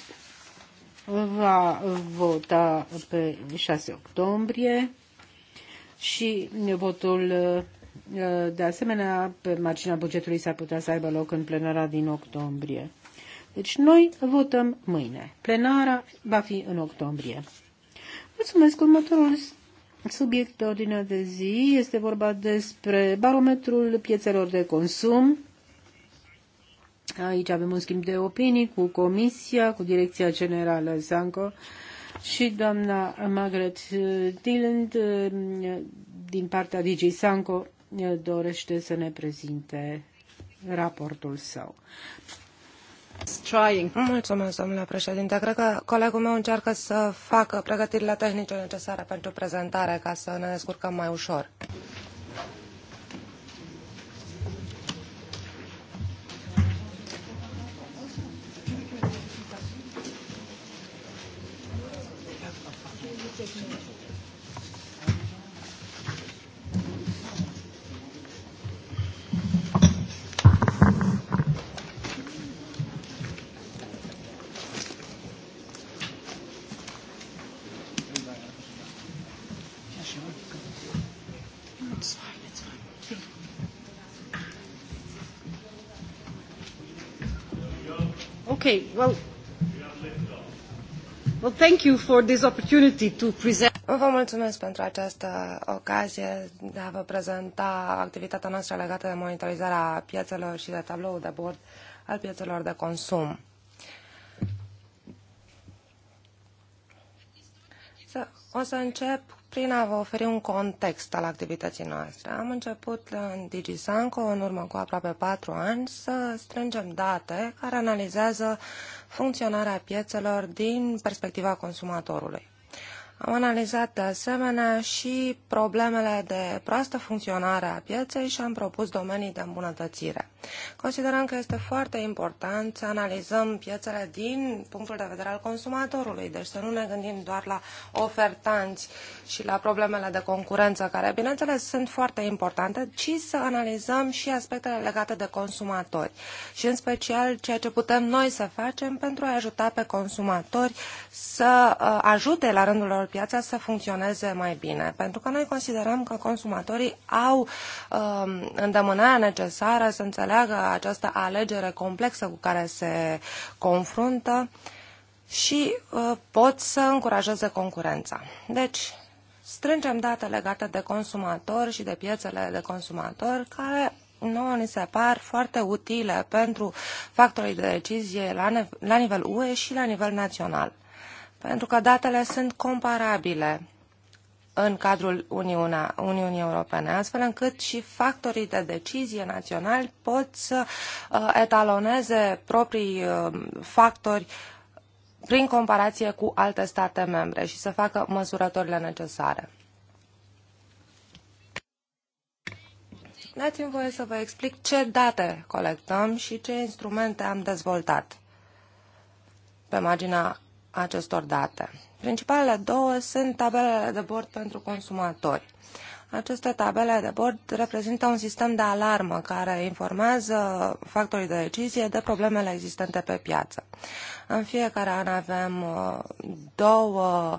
va vota pe 6 octombrie și votul uh, uh, de asemenea pe marginea bugetului s-ar putea să aibă loc în plenara din octombrie. Deci noi votăm mâine. Plenara va fi în octombrie. Mulțumesc. Următorul subiect de ordine de zi este vorba despre barometrul piețelor de consum. Aici avem un schimb de opinii cu Comisia, cu Direcția Generală Zanco și doamna Margaret uh, Dilland uh, din partea DG Sanco uh, dorește să ne prezinte raportul său. Mulțumesc, domnule președinte. Cred că colegul meu încearcă să facă pregătirile tehnice necesare pentru prezentare ca să ne descurcăm mai ușor. Okay, well, well, thank you for this opportunity to present. Vă mulțumesc pentru această ocazie de a vă prezenta activitatea noastră legată de monitorizarea piețelor și de tabloul de bord al piețelor de consum. O să încep prin a vă oferi un context al activității noastre. Am început în DigiSanco, în urmă cu aproape patru ani, să strângem date care analizează funcționarea piețelor din perspectiva consumatorului. Am analizat de asemenea și problemele de proastă funcționare a pieței și am propus domenii de îmbunătățire. Considerăm că este foarte important să analizăm piețele din punctul de vedere al consumatorului, deci să nu ne gândim doar la ofertanți și la problemele de concurență, care bineînțeles sunt foarte importante, ci să analizăm și aspectele legate de consumatori și în special ceea ce putem noi să facem pentru a ajuta pe consumatori să uh, ajute la rândul lor piața să funcționeze mai bine, pentru că noi considerăm că consumatorii au um, îndemânarea necesară să înțeleagă această alegere complexă cu care se confruntă și uh, pot să încurajeze concurența. Deci, strângem date legate de consumatori și de piețele de consumatori care nouă ni se par foarte utile pentru factorii de decizie la, la nivel UE și la nivel național pentru că datele sunt comparabile în cadrul Uniunea, Uniunii Europene, astfel încât și factorii de decizie naționali pot să uh, etaloneze proprii uh, factori prin comparație cu alte state membre și să facă măsurătorile necesare. Dați-mi voie să vă explic ce date colectăm și ce instrumente am dezvoltat pe marginea acestor date. Principalele două sunt tabelele de bord pentru consumatori. Aceste tabele de bord reprezintă un sistem de alarmă care informează factorii de decizie de problemele existente pe piață. În fiecare an avem uh, două uh,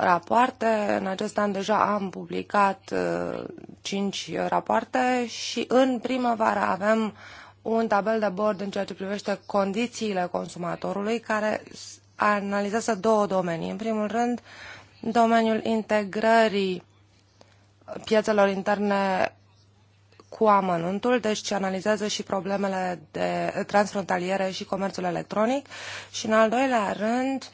rapoarte. În acest an deja am publicat uh, cinci rapoarte și în primăvară avem un tabel de bord în ceea ce privește condițiile consumatorului care analizează două domenii. În primul rând, domeniul integrării piețelor interne cu amănuntul, deci ce analizează și problemele de transfrontaliere și comerțul electronic. Și în al doilea rând,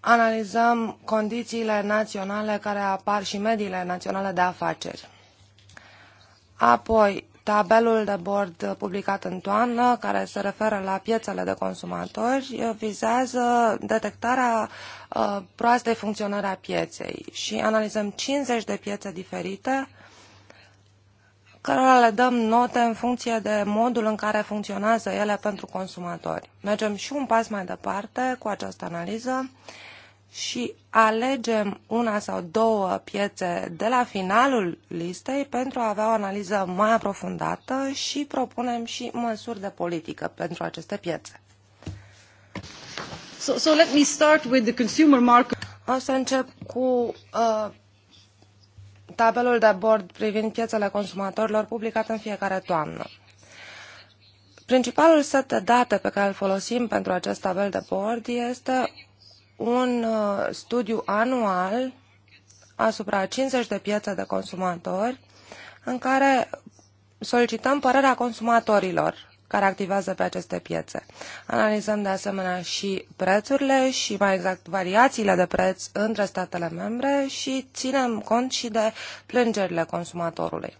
analizăm condițiile naționale care apar și mediile naționale de afaceri. Apoi, Tabelul de bord publicat în toamnă, care se referă la piețele de consumatori, eh, vizează detectarea eh, proastei funcționări a pieței și analizăm 50 de piețe diferite cărora le dăm note în funcție de modul în care funcționează ele pentru consumatori. Mergem și un pas mai departe cu această analiză și alegem una sau două piețe de la finalul listei pentru a avea o analiză mai aprofundată și propunem și măsuri de politică pentru aceste piețe. So, so let me start with the consumer market. O să încep cu uh, tabelul de bord privind piețele consumatorilor publicat în fiecare toamnă. Principalul set de date pe care îl folosim pentru acest tabel de bord este un uh, studiu anual asupra 50 de piețe de consumatori în care solicităm părerea consumatorilor care activează pe aceste piețe. Analizăm de asemenea și prețurile și mai exact variațiile de preț între statele membre și ținem cont și de plângerile consumatorului.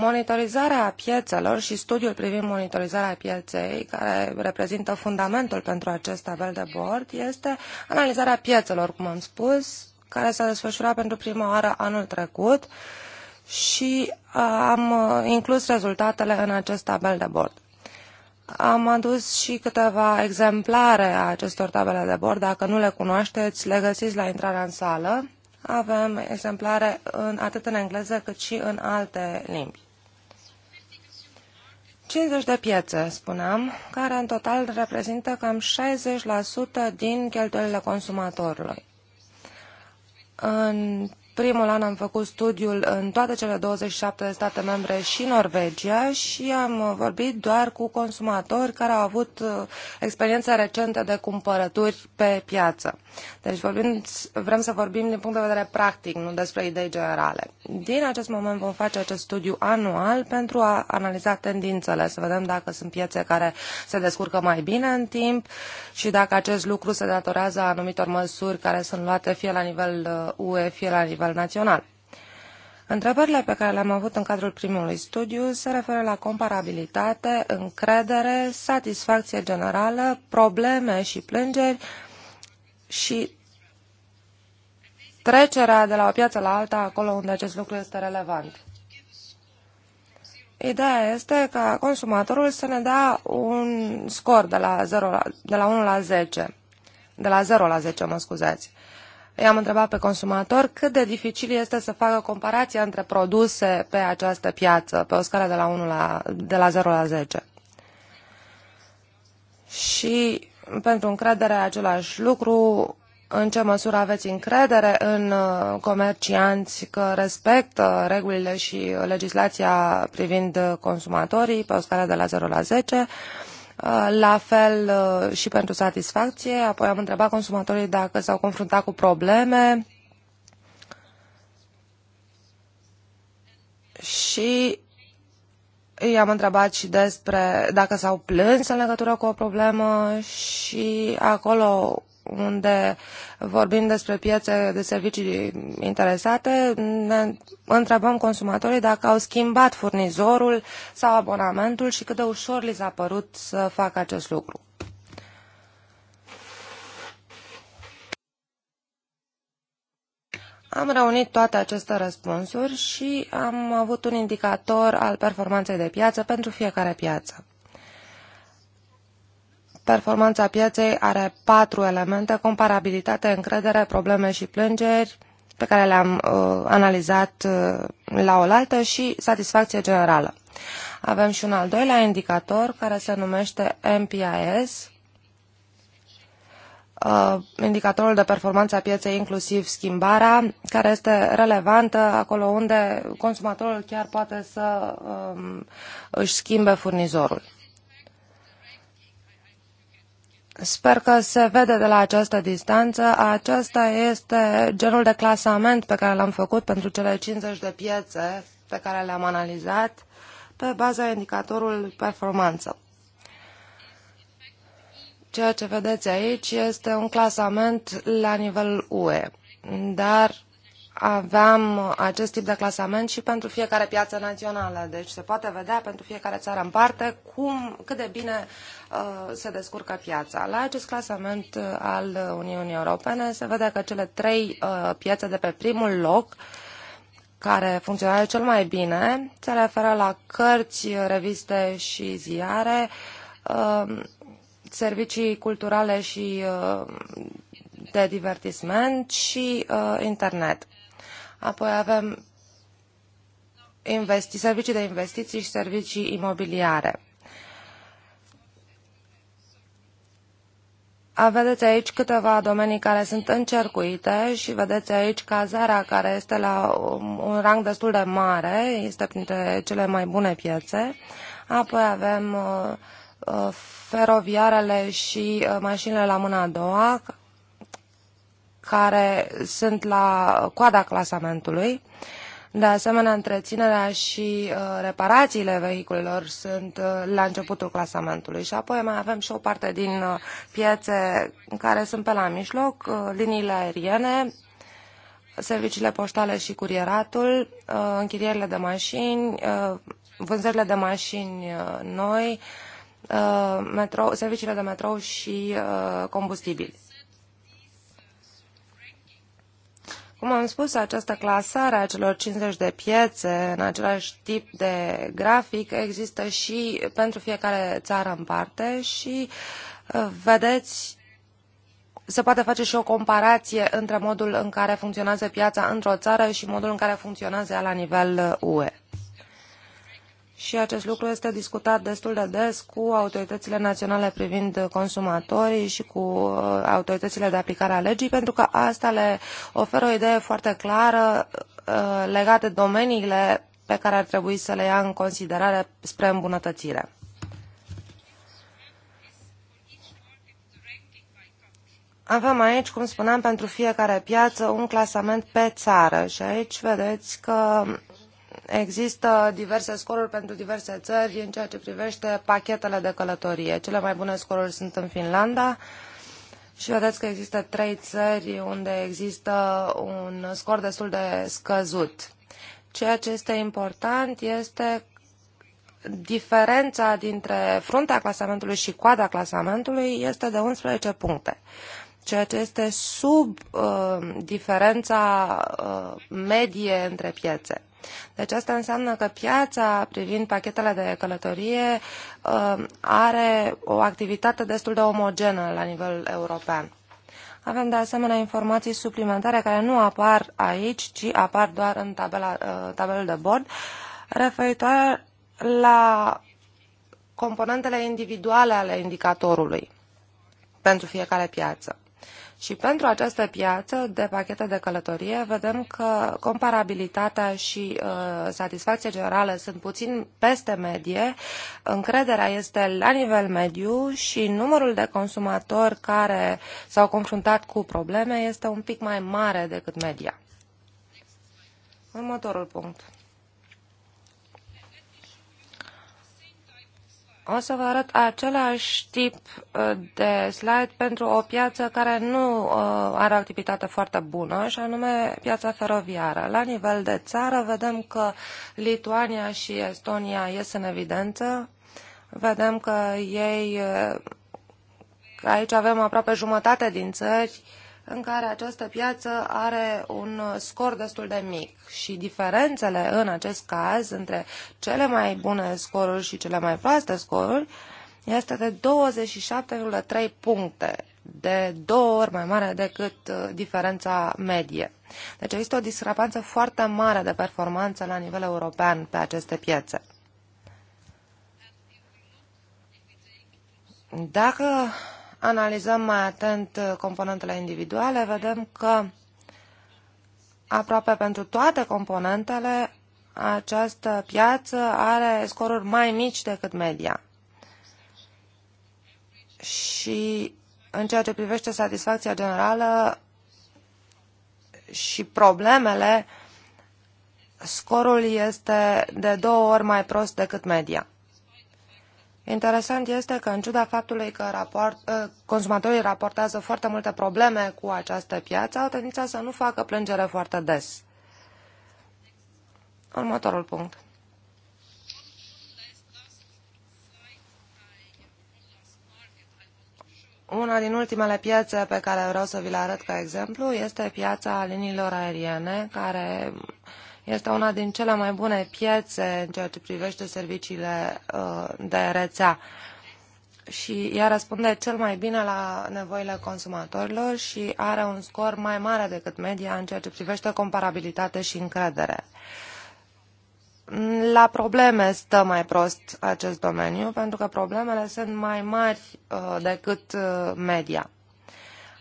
Monitorizarea piețelor și studiul privind monitorizarea pieței, care reprezintă fundamentul pentru acest tabel de bord, este analizarea piețelor, cum am spus, care s-a desfășurat pentru prima oară anul trecut și am inclus rezultatele în acest tabel de bord. Am adus și câteva exemplare a acestor tabele de bord. Dacă nu le cunoașteți, le găsiți la intrarea în sală. Avem exemplare în, atât în engleză cât și în alte limbi. 50 de piețe, spuneam, care în total reprezintă cam 60% din cheltuielile consumatorului. În primul an am făcut studiul în toate cele 27 de state membre și Norvegia și am vorbit doar cu consumatori care au avut uh, experiențe recente de cumpărături pe piață. Deci vorbim, vrem să vorbim din punct de vedere practic, nu despre idei generale. Din acest moment vom face acest studiu anual pentru a analiza tendințele, să vedem dacă sunt piețe care se descurcă mai bine în timp și dacă acest lucru se datorează anumitor măsuri care sunt luate fie la nivel uh, UE, fie la nivel nivel național. Întrebările pe care le-am avut în cadrul primului studiu se referă la comparabilitate, încredere, satisfacție generală, probleme și plângeri și trecerea de la o piață la alta acolo unde acest lucru este relevant. Ideea este ca consumatorul să ne dea un scor de la, 0 la, de la 1 la 10, de la 0 la 10, mă scuzați. I-am întrebat pe consumator cât de dificil este să facă comparația între produse pe această piață, pe o scară de la, 1 la, de la 0 la 10. Și pentru încredere același lucru, în ce măsură aveți încredere în uh, comercianți că respectă regulile și legislația privind uh, consumatorii pe o scară de la 0 la 10 Uh, la fel uh, și pentru satisfacție. Apoi am întrebat consumatorii dacă s-au confruntat cu probleme și i-am întrebat și despre dacă s-au plâns în legătură cu o problemă și acolo unde vorbim despre piețe de servicii interesate, ne întrebăm consumatorii dacă au schimbat furnizorul sau abonamentul și cât de ușor li s-a părut să facă acest lucru. Am reunit toate aceste răspunsuri și am avut un indicator al performanței de piață pentru fiecare piață performanța pieței are patru elemente, comparabilitate, încredere, probleme și plângeri, pe care le-am uh, analizat uh, la oaltă și satisfacție generală. Avem și un al doilea indicator care se numește MPIS, uh, indicatorul de performanță a pieței, inclusiv schimbarea, care este relevantă acolo unde consumatorul chiar poate să uh, își schimbe furnizorul. Sper că se vede de la această distanță. Acesta este genul de clasament pe care l-am făcut pentru cele 50 de piețe pe care le-am analizat pe baza indicatorului performanță. Ceea ce vedeți aici este un clasament la nivel UE, dar aveam acest tip de clasament și pentru fiecare piață națională. Deci se poate vedea pentru fiecare țară în parte cum, cât de bine uh, se descurcă piața. La acest clasament uh, al Uniunii Europene se vede că cele trei uh, piațe de pe primul loc care funcționează cel mai bine se referă la cărți, reviste și ziare, uh, servicii culturale și uh, de divertisment și uh, internet. Apoi avem investi, servicii de investiții și servicii imobiliare. A, vedeți aici câteva domenii care sunt încercuite și vedeți aici cazarea care este la un rang destul de mare, este printre cele mai bune piețe. Apoi avem uh, uh, feroviarele și uh, mașinile la mâna a doua, care sunt la coada clasamentului. De asemenea, întreținerea și uh, reparațiile vehiculelor sunt uh, la începutul clasamentului și apoi mai avem și o parte din uh, piețe care sunt pe la mijloc, liniile aeriene, serviciile poștale și curieratul, închirierile de mașini, vânzările de mașini noi, serviciile de metrou și combustibili. Cum am spus, această clasare a celor 50 de piețe în același tip de grafic există și pentru fiecare țară în parte și uh, vedeți se poate face și o comparație între modul în care funcționează piața într-o țară și modul în care funcționează la nivel UE. Uh, și acest lucru este discutat destul de des cu autoritățile naționale privind consumatorii și cu uh, autoritățile de aplicare a legii, pentru că asta le oferă o idee foarte clară uh, legată de domeniile pe care ar trebui să le ia în considerare spre îmbunătățire. Avem aici, cum spuneam, pentru fiecare piață un clasament pe țară și aici vedeți că Există diverse scoruri pentru diverse țări în ceea ce privește pachetele de călătorie. Cele mai bune scoruri sunt în Finlanda și vedeți că există trei țări unde există un scor destul de scăzut. Ceea ce este important este diferența dintre fruntea clasamentului și coada clasamentului este de 11 puncte, ceea ce este sub uh, diferența uh, medie între piețe. Deci asta înseamnă că piața privind pachetele de călătorie uh, are o activitate destul de omogenă la nivel european. Avem de asemenea informații suplimentare care nu apar aici, ci apar doar în tabela, uh, tabelul de bord, referitoare la componentele individuale ale indicatorului pentru fiecare piață. Și pentru această piață de pachete de călătorie vedem că comparabilitatea și uh, satisfacția generală sunt puțin peste medie, încrederea este la nivel mediu și numărul de consumatori care s-au confruntat cu probleme este un pic mai mare decât media. Următorul punct. O să vă arăt același tip uh, de slide pentru o piață care nu uh, are o activitate foarte bună, și anume piața feroviară. La nivel de țară vedem că Lituania și Estonia ies în evidență. Vedem că ei, uh, aici avem aproape jumătate din țări în care această piață are un scor destul de mic și diferențele în acest caz între cele mai bune scoruri și cele mai proaste scoruri este de 27,3 puncte, de două ori mai mare decât uh, diferența medie. Deci există o discrepanță foarte mare de performanță la nivel european pe aceste piețe. Dacă analizăm mai atent uh, componentele individuale, vedem că aproape pentru toate componentele această piață are scoruri mai mici decât media. Și în ceea ce privește satisfacția generală și problemele, scorul este de două ori mai prost decât media. Interesant este că, în ciuda faptului că raport, ă, consumatorii raportează foarte multe probleme cu această piață, au tendința să nu facă plângere foarte des. Următorul punct. Una din ultimele piețe pe care vreau să vi le arăt ca exemplu este piața liniilor aeriene, care uh, este una din cele mai bune piețe în ceea ce privește serviciile uh, de rețea și ea răspunde cel mai bine la nevoile consumatorilor și are un scor mai mare decât media în ceea ce privește comparabilitate și încredere. La probleme stă mai prost acest domeniu, pentru că problemele sunt mai mari uh, decât uh, media.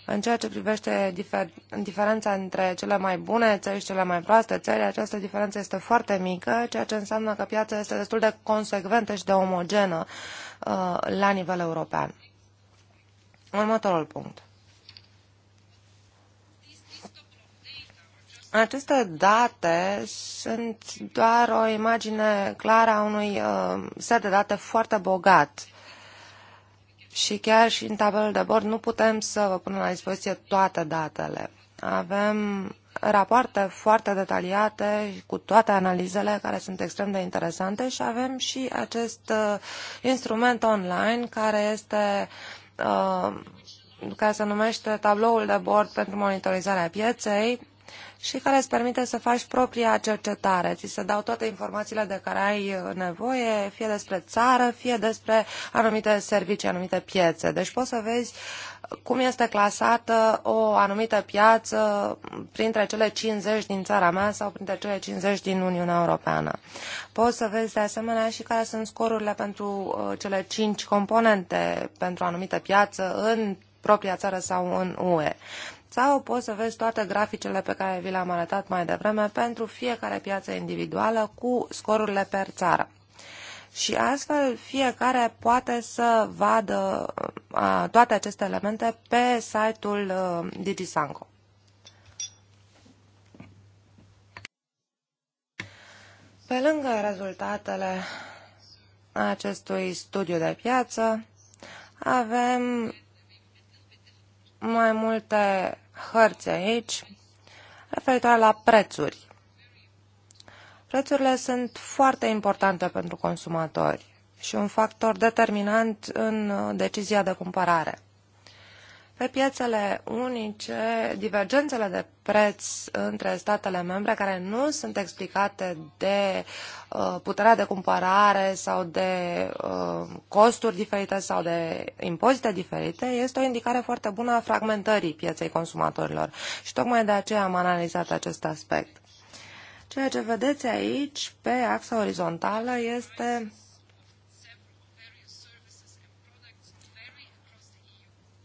În ceea ce privește difer- diferența între cele mai bune țări și cele mai proaste țări, această diferență este foarte mică, ceea ce înseamnă că piața este destul de consecventă și de omogenă uh, la nivel european. Următorul punct. Aceste date sunt doar o imagine clară a unui uh, set de date foarte bogat și chiar și în tabelul de bord nu putem să vă punem la dispoziție toate datele. Avem rapoarte foarte detaliate cu toate analizele care sunt extrem de interesante și avem și acest uh, instrument online care este uh, care se numește tabloul de bord pentru monitorizarea pieței, și care îți permite să faci propria cercetare. Ți se dau toate informațiile de care ai uh, nevoie, fie despre țară, fie despre anumite servicii, anumite piețe. Deci poți să vezi uh, cum este clasată o anumită piață printre cele 50 din țara mea sau printre cele 50 din Uniunea Europeană. Poți să vezi de asemenea și care sunt scorurile pentru uh, cele 5 componente pentru o anumită piață în propria țară sau în UE sau poți să vezi toate graficele pe care vi le-am arătat mai devreme pentru fiecare piață individuală cu scorurile per țară. Și astfel fiecare poate să vadă uh, toate aceste elemente pe site-ul uh, DigiSanco. Pe lângă rezultatele acestui studiu de piață, avem mai multe hărți aici referitoare la prețuri. Prețurile sunt foarte importante pentru consumatori și un factor determinant în uh, decizia de cumpărare. Pe piețele unice, divergențele de preț între statele membre care nu sunt explicate de uh, puterea de cumpărare sau de uh, costuri diferite sau de impozite diferite este o indicare foarte bună a fragmentării pieței consumatorilor. Și tocmai de aceea am analizat acest aspect. Ceea ce vedeți aici, pe axa orizontală, este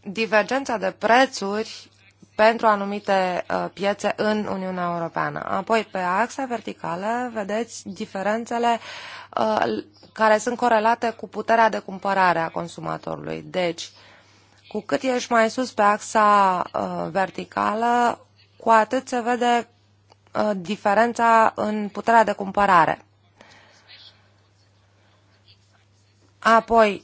divergența de prețuri pentru anumite uh, piețe în Uniunea Europeană. Apoi, pe axa verticală, vedeți diferențele uh, care sunt corelate cu puterea de cumpărare a consumatorului. Deci, cu cât ești mai sus pe axa uh, verticală, cu atât se vede diferența în puterea de cumpărare. Apoi,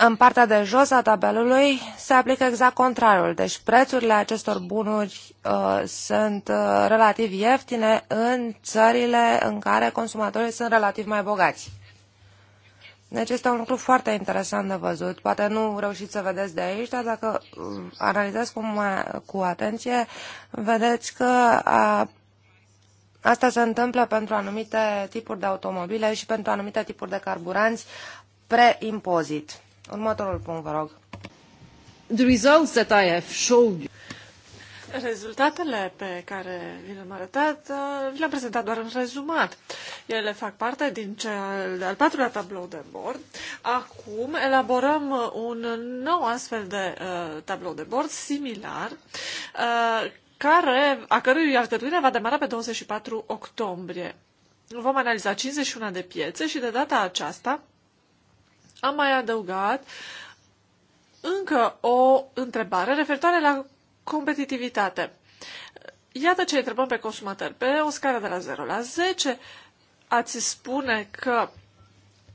în partea de jos a tabelului se aplică exact contrarul, deci prețurile acestor bunuri uh, sunt uh, relativ ieftine în țările în care consumatorii sunt relativ mai bogați. Deci este un lucru foarte interesant de văzut. Poate nu reușiți să vedeți de aici, dar dacă mm, analizați cu, mai, cu atenție, vedeți că a, asta se întâmplă pentru anumite tipuri de automobile și pentru anumite tipuri de carburanți preimpozit. Următorul punct, vă rog. The results that I have showed you. Rezultatele pe care vi le-am arătat, uh, vi le-am prezentat doar în rezumat. Ele fac parte din cel de-al patrulea tablou de bord. Acum elaborăm uh, un nou astfel de uh, tablou de bord similar, uh, care, a cărui alcătuire va demara pe 24 octombrie. Vom analiza 51 de piețe și de data aceasta am mai adăugat încă o întrebare referitoare la competitivitate. Iată ce întrebăm pe consumator. Pe o scară de la 0 la 10, ați spune că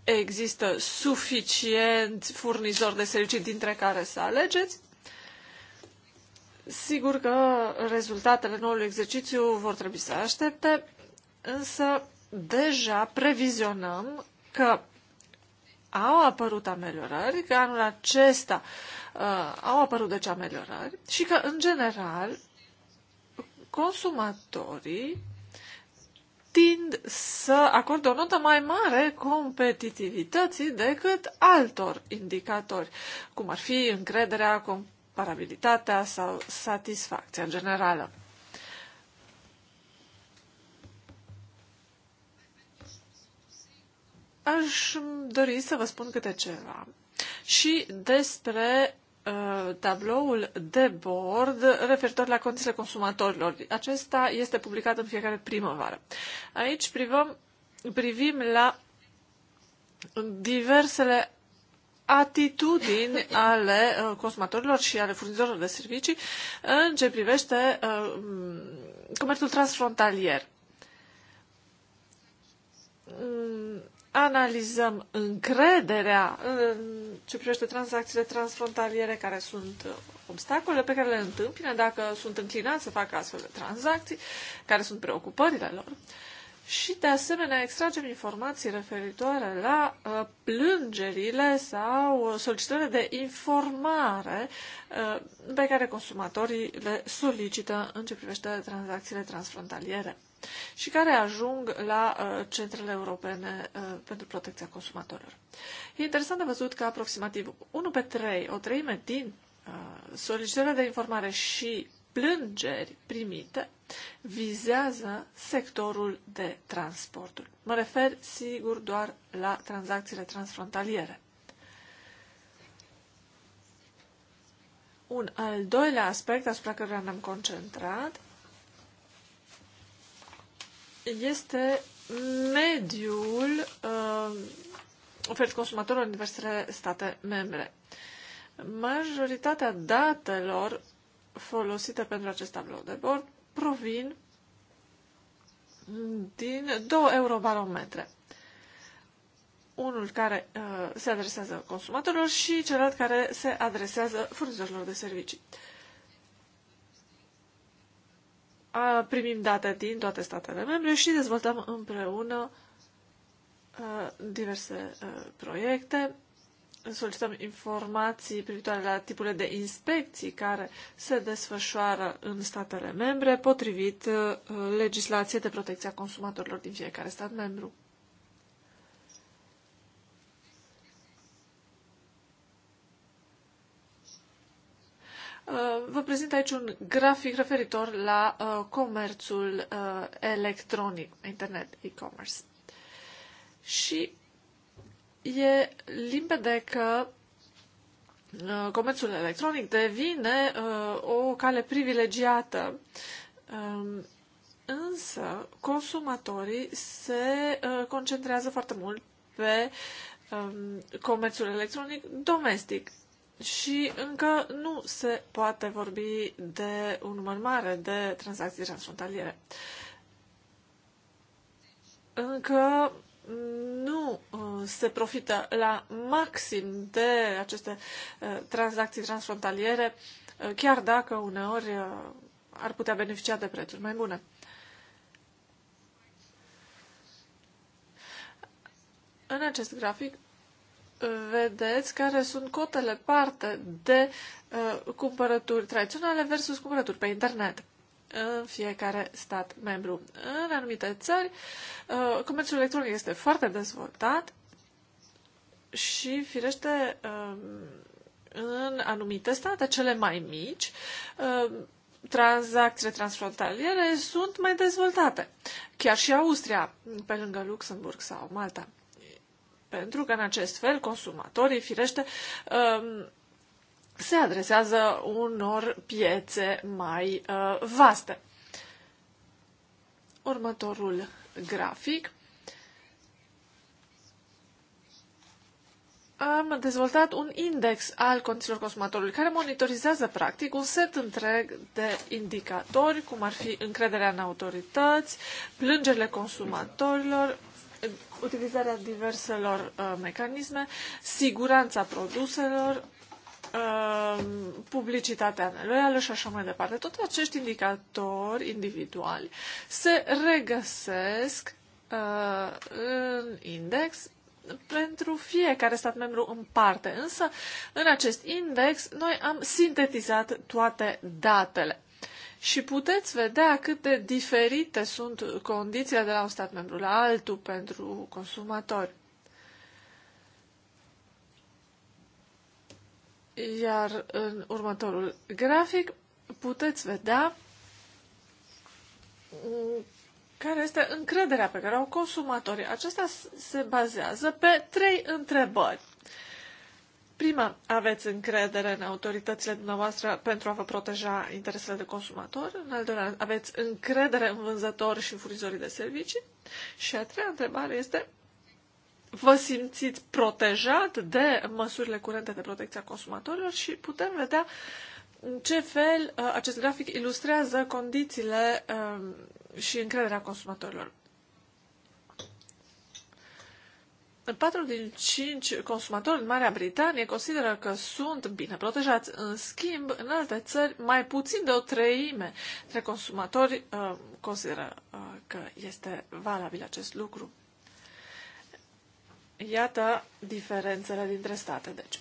există suficient furnizori de servicii dintre care să alegeți? Sigur că rezultatele noului exercițiu vor trebui să aștepte, însă deja previzionăm că au apărut ameliorări, că anul acesta uh, au apărut deci ameliorări și că, în general, consumatorii tind să acorde o notă mai mare competitivității decât altor indicatori, cum ar fi încrederea, comparabilitatea sau satisfacția generală. aș dori să vă spun câte ceva și despre uh, tabloul de bord referitor la condițiile consumatorilor. Acesta este publicat în fiecare primăvară. Aici privăm, privim la diversele atitudini ale uh, consumatorilor și ale furnizorilor de servicii în ce privește uh, comerțul transfrontalier mm, analizăm încrederea în ce privește tranzacțiile transfrontaliere care sunt obstacole pe care le întâmpină dacă sunt înclinați să facă astfel de tranzacții, care sunt preocupările lor. Și, de asemenea, extragem informații referitoare la uh, plângerile sau solicitările de informare uh, pe care consumatorii le solicită în ce privește tranzacțiile transfrontaliere și care ajung la uh, centrele europene uh, pentru protecția consumatorilor. E interesant de văzut că aproximativ 1 pe 3, o treime din uh, solicitările de informare și plângeri primite vizează sectorul de transporturi. Mă refer, sigur, doar la tranzacțiile transfrontaliere. Un al doilea aspect asupra căruia ne-am concentrat este mediul uh, oferit consumatorilor în diversele state membre. Majoritatea datelor folosite pentru acest tablou de bord provin din două eurobarometre. Unul care uh, se adresează consumatorilor și celălalt care se adresează furnizorilor de servicii. Uh, primim date din toate statele membre și dezvoltăm împreună diverse proiecte. Solicităm informații privitoare la tipurile de inspecții care se desfășoară în statele membre potrivit legislației de protecție a consumatorilor din fiecare stat membru. Uh, vă prezint aici un grafic referitor la uh, comerțul uh, electronic, internet, e-commerce. Și e limpede că comerțul electronic devine o cale privilegiată um, Însă, consumatorii se uh, concentrează foarte mult pe um, comerțul electronic domestic și încă nu se poate vorbi de un număr mare de tranzacții transfrontaliere. Încă nu uh, se profită la maxim de aceste uh, tranzacții transfrontaliere, uh, chiar dacă uneori ar putea beneficia de prețuri mai bune. În acest grafic vedeți care sunt cotele parte de uh, cumpărături tradiționale versus cumpărături pe internet în fiecare stat membru. În anumite țări, uh, comerțul electronic este foarte dezvoltat și, firește, uh, în anumite state, cele mai mici, uh, tranzacțiile transfrontaliere sunt mai dezvoltate. Chiar și Austria, pe lângă Luxemburg sau Malta pentru că în acest fel consumatorii, firește, um, se adresează unor piețe mai uh, vaste. Următorul grafic. am dezvoltat un index al condițiilor consumatorului care monitorizează practic un set întreg de indicatori, cum ar fi încrederea în autorități, plângerile consumatorilor, utilizarea diverselor uh, mecanisme, siguranța produselor, uh, publicitatea neloială și așa mai departe. Toți acești indicatori individuali se regăsesc uh, în index pentru fiecare stat membru în parte. Însă, în acest index, noi am sintetizat toate datele. Și puteți vedea cât de diferite sunt condițiile de la un stat membru la altul pentru consumatori. Iar în următorul grafic puteți vedea mm, care este încrederea pe care o au consumatorii. acesta se bazează pe trei întrebări prima, aveți încredere în autoritățile dumneavoastră pentru a vă proteja interesele de consumator, în al doilea, aveți încredere în vânzători și furnizorii de servicii și a treia întrebare este, vă simțiți protejat de măsurile curente de protecție a consumatorilor și putem vedea în ce fel uh, acest grafic ilustrează condițiile um, și încrederea consumatorilor. 4 din 5 consumatori în Marea Britanie consideră că sunt bine protejați. În schimb, în alte țări, mai puțin de o treime dintre consumatori uh, consideră uh, că este valabil acest lucru. Iată diferențele dintre state, deci.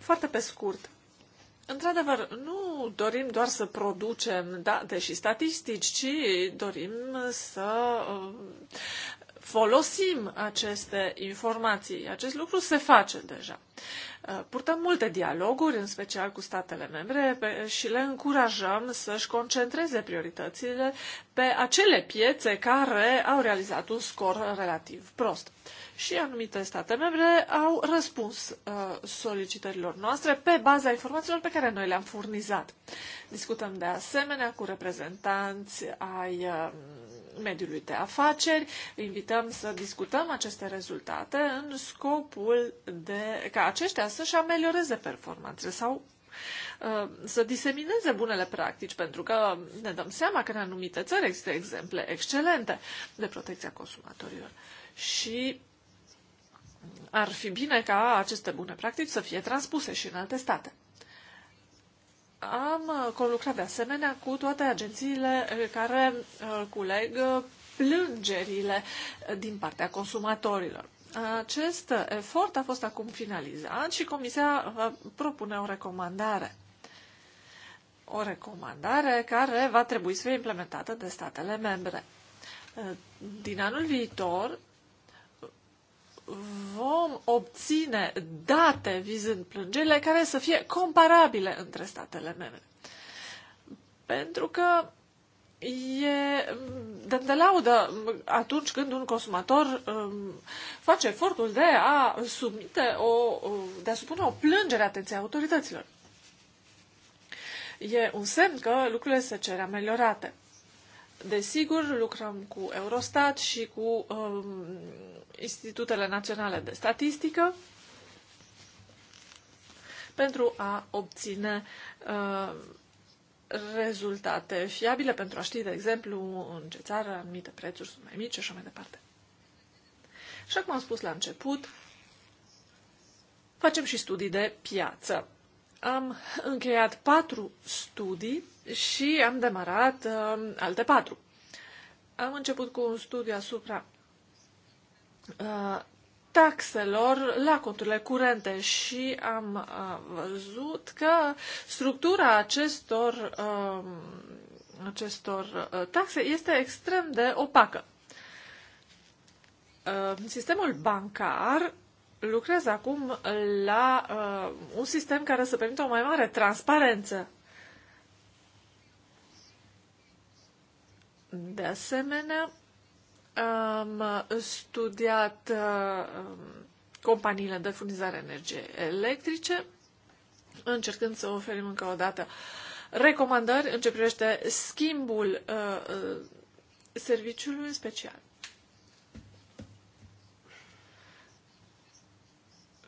Foarte pe scurt, Într-adevăr, nu dorim doar să producem date și statistici, ci dorim să folosim aceste informații. Acest lucru se face deja. Uh, purtăm multe dialoguri, în special cu statele membre, și le încurajăm să-și concentreze prioritățile pe acele piețe care au realizat un scor relativ prost. Și anumite state membre au răspuns uh, solicitărilor noastre pe baza informațiilor pe care noi le-am furnizat. Discutăm de asemenea cu reprezentanți ai um, mediului de afaceri. Invităm să discutăm aceste rezultate în scopul de ca aceștia să-și amelioreze performanțele sau uh, să disemineze bunele practici, pentru că ne dăm seama că în anumite țări există exemple excelente de protecția consumatorilor. Și ar fi bine ca aceste bune practici să fie transpuse și în alte state am uh, conlucrat de asemenea cu toate agențiile uh, care uh, culeg plângerile din partea consumatorilor. Acest efort a fost acum finalizat și Comisia va propune o recomandare. O recomandare care va trebui să fie implementată de statele membre. Din anul viitor, vom obține date vizând plângerile care să fie comparabile între statele membre. Pentru că e de, de laudă atunci când un consumator um, face efortul de a submite o, de a supune o plângere atenției autorităților. E un semn că lucrurile se cer ameliorate. Desigur, lucrăm cu Eurostat și cu um, Institutele Naționale de Statistică pentru a obține uh, rezultate fiabile, pentru a ști, de exemplu, în ce țară anumite prețuri sunt mai mici și așa mai departe. Așa cum am spus la început, facem și studii de piață. Am încheiat patru studii și am demarat uh, alte patru. Am început cu un studiu asupra Uh, taxelor la conturile curente și am uh, văzut că structura acestor, um, acestor uh, taxe este extrem de opacă. Sistemul bancar lucrează acum la un sistem care să permită o mai mare transparență. De asemenea, am uh, studiat uh, um, companiile de furnizare energie electrice, încercând să oferim încă o dată recomandări în ce privește schimbul uh, uh serviciului special.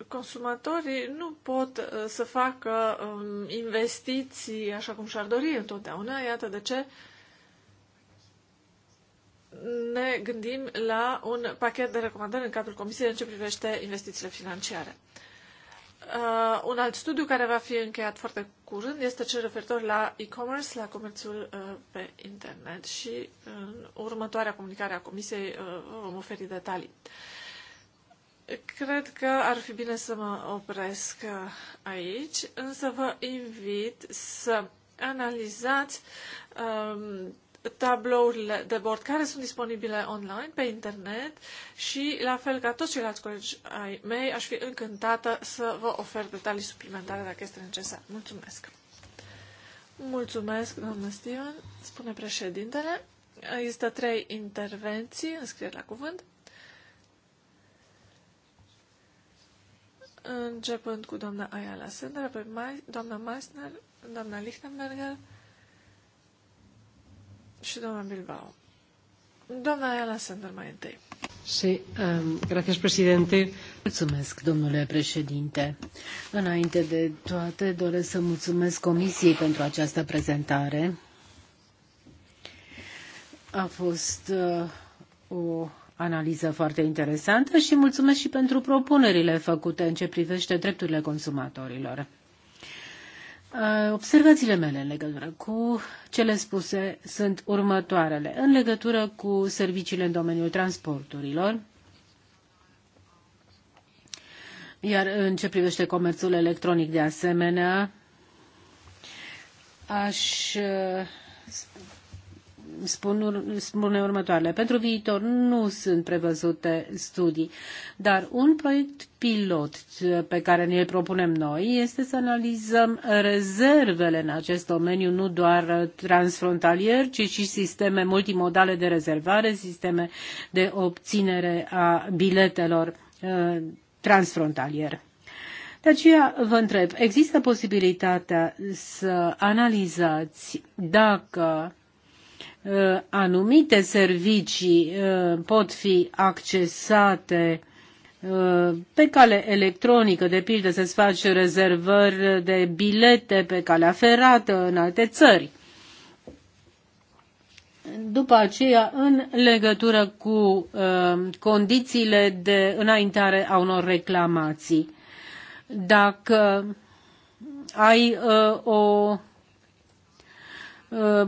consumatorii nu pot să facă um, investiții așa cum și-ar dori întotdeauna. Iată de ce ne gândim la un pachet de recomandări în cadrul Comisiei în ce privește investițiile financiare. Uh, un alt studiu care va fi încheiat foarte curând este cel referitor la e-commerce, la comerțul uh, pe internet și în următoarea comunicare a Comisiei uh, vom oferi detalii. Cred că ar fi bine să mă opresc uh, aici, însă vă invit să analizați uh, tablourile de bord care sunt disponibile online, pe internet și, la fel ca toți ceilalți colegi ai mei, aș fi încântată să vă ofer detalii suplimentare dacă este necesar. Mulțumesc! Mulțumesc, doamnă Steven, spune președintele. Există trei intervenții înscrieri la cuvânt. Începând cu doamna Ayala Sender, apoi doamna Meissner, doamna Lichtenberger, și doamna Bilbao. Doamna Ayala Sander, mai întâi. Și, um, gracias, președinte. Mulțumesc, domnule președinte. Înainte de toate, doresc să mulțumesc Comisiei pentru această prezentare. A fost uh, o analiză foarte interesantă și mulțumesc și pentru propunerile făcute în ce privește drepturile consumatorilor. Uh, observațiile mele în legătură cu cele spuse sunt următoarele. În legătură cu serviciile în domeniul transporturilor, iar în ce privește comerțul electronic de asemenea, aș spun, spune următoarele. Pentru viitor nu sunt prevăzute studii, dar un proiect pilot pe care ne-l propunem noi este să analizăm rezervele în acest domeniu, nu doar transfrontalier, ci și sisteme multimodale de rezervare, sisteme de obținere a biletelor uh, transfrontalier. De aceea vă întreb, există posibilitatea să analizați dacă Uh, anumite servicii uh, pot fi accesate uh, pe cale electronică, de pildă să-ți faci rezervări de bilete pe calea ferată în alte țări. După aceea, în legătură cu uh, condițiile de înaintare a unor reclamații, dacă ai uh, o uh,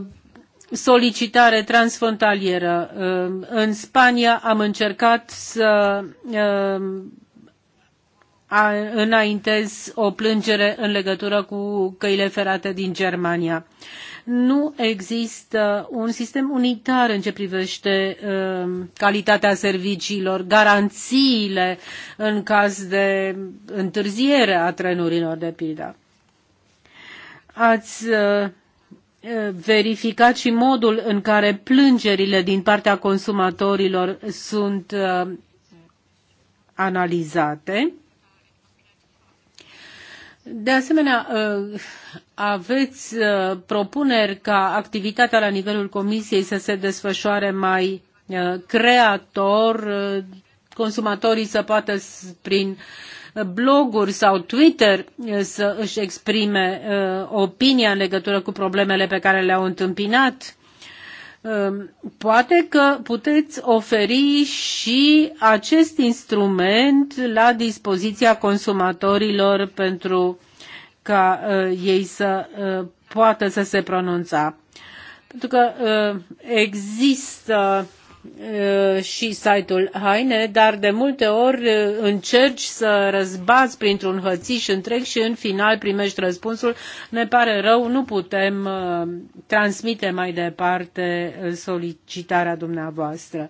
solicitare transfrontalieră. Ehm, în Spania am încercat să ehm, înaintez o plângere în legătură cu căile ferate din Germania. Nu există un sistem unitar în ce privește ehm, calitatea serviciilor, garanțiile în caz de întârziere a trenurilor, de pildă. Ați verificat și modul în care plângerile din partea consumatorilor sunt analizate. De asemenea, aveți propuneri ca activitatea la nivelul Comisiei să se desfășoare mai creator, consumatorii să poată prin uh, Uh, bloguri sau Twitter uh, să își exprime uh, opinia în legătură cu problemele pe care le-au întâmpinat. Um, poate că puteți oferi și acest instrument la dispoziția consumatorilor pentru ca ei să poată să se pronunța. Pentru că există Uh, și site-ul Haine, dar de multe ori uh, încerci să răzbați printr-un hățiș întreg și în final primești răspunsul, ne pare rău, nu putem uh, transmite mai departe solicitarea dumneavoastră.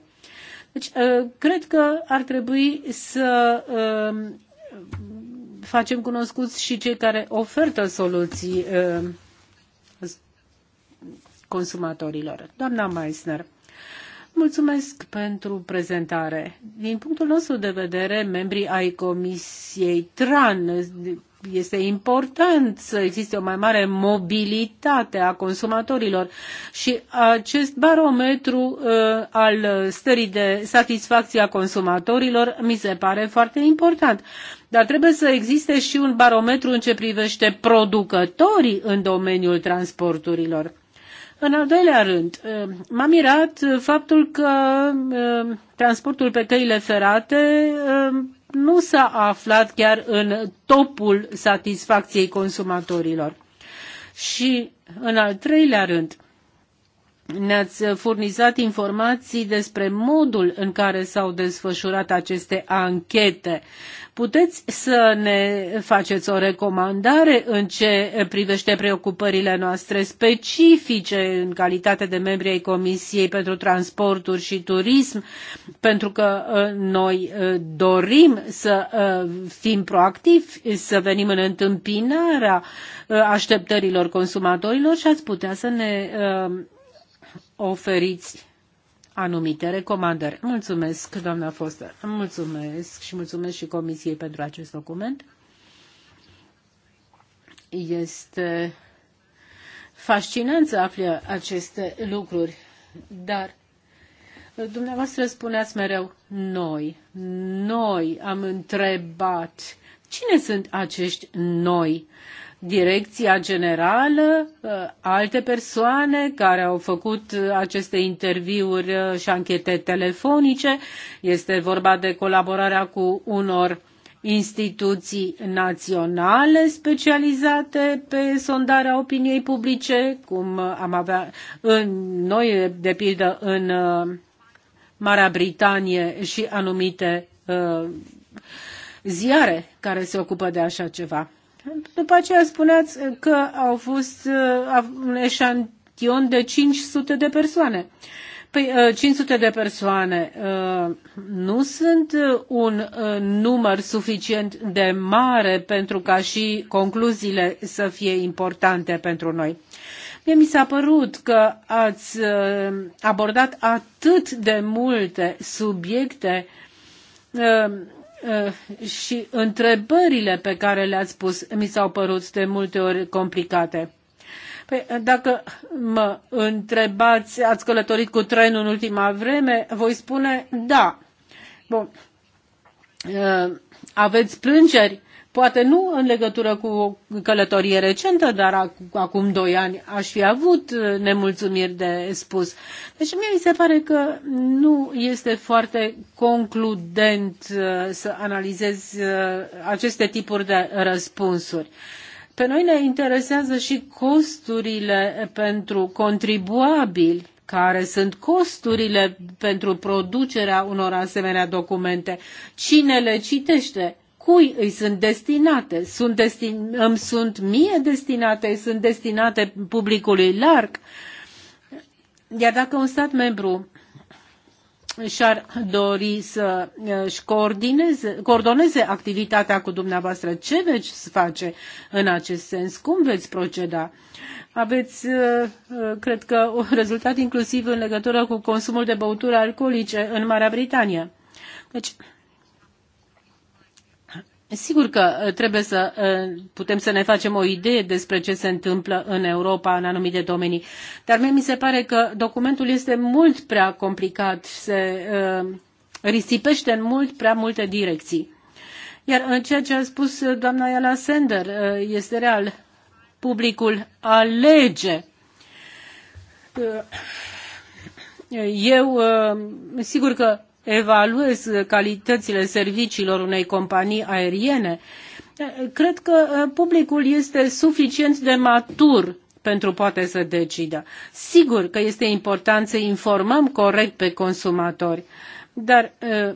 Deci, cred că ar trebui să facem cunoscuți și cei care ofertă soluții consumatorilor. Doamna Meissner. Mulțumesc pentru prezentare. Din punctul nostru de vedere, membrii ai Comisiei TRAN, este important să existe o mai mare mobilitate a consumatorilor și acest barometru uh, al stării de satisfacție a consumatorilor mi se pare foarte important. Dar trebuie să existe și un barometru în ce privește producătorii în domeniul transporturilor în al doilea rând, uh, m-a mirat uh, faptul că uh, transportul pe căile ferate nu s-a aflat chiar în topul satisfacției consumatorilor. Și, în al treilea rând, ne-ați furnizat informații despre modul în care s-au desfășurat aceste anchete. Puteți să ne faceți o recomandare în ce privește preocupările noastre specifice în calitate de membri ai Comisiei pentru Transporturi și Turism, pentru că uh, noi uh, dorim să uh, fim proactivi, să venim în întâmpinarea așteptărilor consumatorilor și ați putea să ne oferiți anumite recomandări. Mulțumesc, doamna Foster. Mulțumesc și mulțumesc și Comisiei pentru acest document. Este fascinant să afli aceste lucruri, dar dumneavoastră spuneați mereu noi. Noi am întrebat cine sunt acești noi. Uh, direcția generală, uh, alte persoane care au făcut uh, aceste interviuri uh, și anchete telefonice. Este vorba de colaborarea cu unor instituții naționale specializate pe sondarea opiniei publice, cum am avea în noi, de pildă, în Marea Britanie și anumite uh, ziare care se ocupă de așa ceva. După aceea spuneați că au fost uh, un eșantion de 500 de persoane. Păi 500 uh, de persoane uh, nu sunt un număr suficient de mare pentru ca și concluziile să fie importante pentru noi. Mie mi s-a părut că ați abordat atât de multe subiecte Eh, și întrebările pe care le-ați pus mi s-au părut de multe ori complicate. Păi, dacă mă întrebați, ați călătorit cu trenul în ultima vreme, voi spune da. Bun. Eh, aveți plângeri Poate nu în legătură cu o călătorie recentă, dar acum doi ani aș fi avut uh, nemulțumiri de spus. Deci mie mi se pare că nu este foarte concludent uh, să analizez uh, aceste tipuri de răspunsuri. Pe noi ne interesează și costurile pentru contribuabili care sunt costurile pentru producerea unor asemenea documente. Cine le citește? cui îi sunt destinate? Sunt destin, îmi sunt mie destinate, sunt destinate publicului larg. Iar dacă un stat membru și-ar dori să și coordoneze, coordoneze activitatea cu dumneavoastră. Ce veți face în acest sens? Cum veți proceda? Aveți, uh, uh, cred că, un rezultat inclusiv în legătură cu consumul de băuturi alcoolice în Marea Britanie. Deci, Sigur că uh, trebuie să uh, putem să ne facem o idee despre ce se întâmplă în Europa în anumite domenii, dar mie mi se pare că documentul este mult prea complicat, se uh, risipește în mult prea multe direcții. Iar în ceea ce a spus doamna Iala Sender, este real, publicul alege. Eu, sigur că evaluez calitățile serviciilor unei companii aeriene. Cred că uh, publicul este suficient de matur pentru poate să decidă. Sigur că este important să informăm corect pe consumatori, dar uh,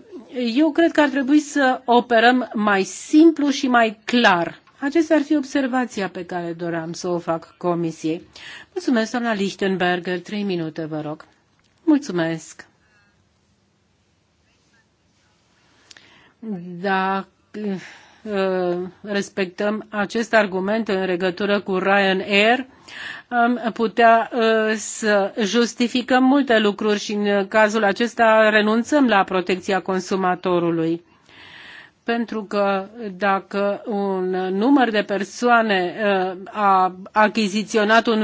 eu cred că ar trebui să operăm mai simplu și mai clar. Aceasta ar fi observația pe care doream să o fac comisiei. Mulțumesc, doamna Lichtenberger. Trei minute, vă rog. Mulțumesc. dacă uh, respectăm acest argument în legătură cu Ryanair, am putea uh, să justificăm multe lucruri și în cazul acesta renunțăm la protecția consumatorului. Pentru că dacă un număr de persoane uh, a achiziționat un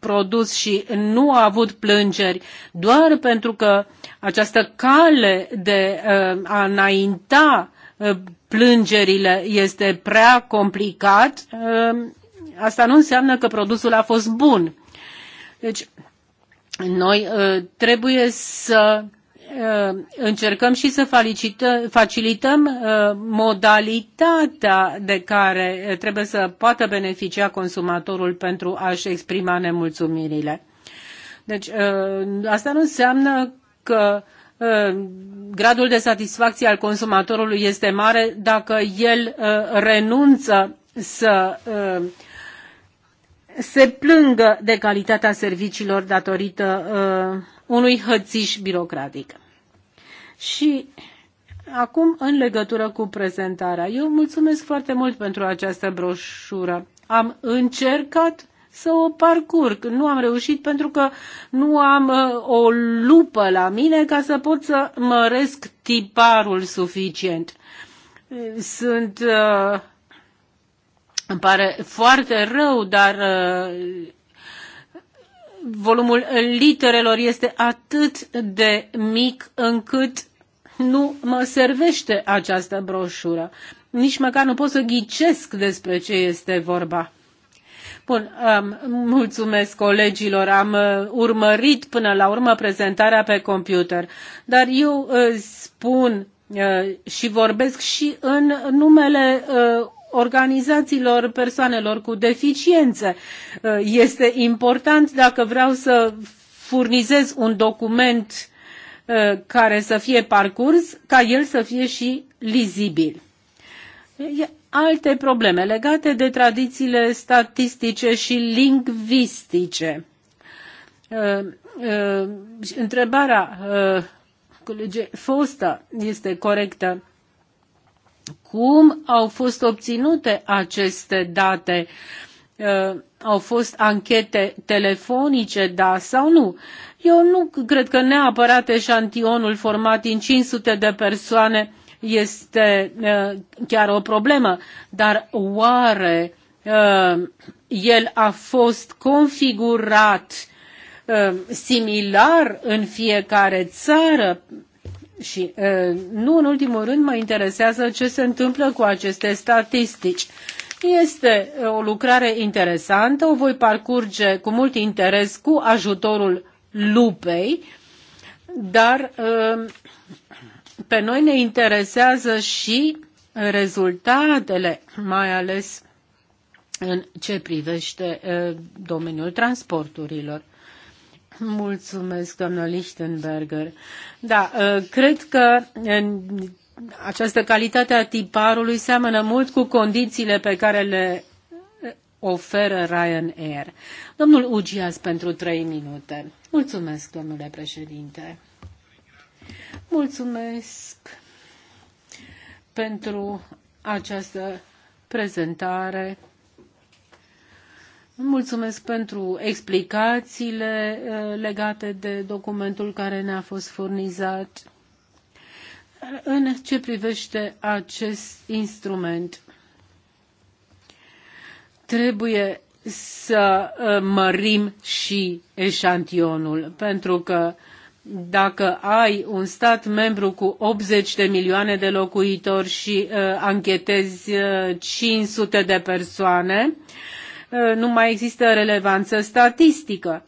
produs și nu a avut plângeri doar pentru că această cale de uh, a înainta uh, plângerile este prea complicat, uh, asta nu înseamnă că produsul a fost bun. Deci, noi trebuie să Uh, încercăm și să facilităm uh, modalitatea de care uh, trebuie să poată beneficia consumatorul pentru a-și exprima nemulțumirile. Deci asta nu înseamnă că gradul de satisfacție al consumatorului este mare dacă el renunță să se plângă de calitatea serviciilor datorită unui hățiș birocratic. Și acum, în legătură cu prezentarea, eu mulțumesc foarte mult pentru această broșură. Am încercat să o parcurg. Nu am reușit pentru că nu am uh, o lupă la mine ca să pot să măresc tiparul suficient. Sunt. Uh, îmi pare foarte rău, dar uh, volumul literelor este atât de mic încât nu mă servește această broșură. Nici măcar nu pot să ghicesc despre ce este vorba. Bun, um, mulțumesc colegilor, am uh, urmărit până la urmă prezentarea pe computer, dar eu uh, spun uh, și vorbesc și în numele uh, organizațiilor persoanelor cu deficiențe. Uh, este important dacă vreau să furnizez un document Uh, care să fie parcurs, ca el să fie și lizibil. Alte probleme legate de tradițiile statistice și lingvistice. Uh, uh, întrebarea colegii Fosta este corectă. Cum au fost obținute aceste date? Au fost anchete telefonice, da sau nu? Eu nu cred că neapărat eșantionul format din 500 de persoane este uh, chiar o problemă, dar oare uh, el a fost configurat uh, similar în fiecare țară și nu în ultimul rând mă interesează ce se întâmplă cu aceste statistici. Este o lucrare interesantă, o voi parcurge cu mult interes cu ajutorul lupei, dar uh, pe noi ne interesează și rezultatele, mai ales în ce privește uh, domeniul transporturilor. Mulțumesc, doamnă Lichtenberger. Da, uh, cred că această calitate a tiparului seamănă mult cu condițiile pe care le oferă Ryanair. Domnul Ugias pentru trei minute. Mulțumesc, domnule președinte. Mulțumesc pentru această prezentare. Mulțumesc pentru explicațiile uh, legate de documentul care ne-a fost furnizat. În ce privește acest instrument, trebuie să uh, mărim și eșantionul, pentru că dacă ai un stat membru cu 80 de milioane de locuitori și uh, anchetezi uh, 500 de persoane, uh, nu mai există relevanță statistică.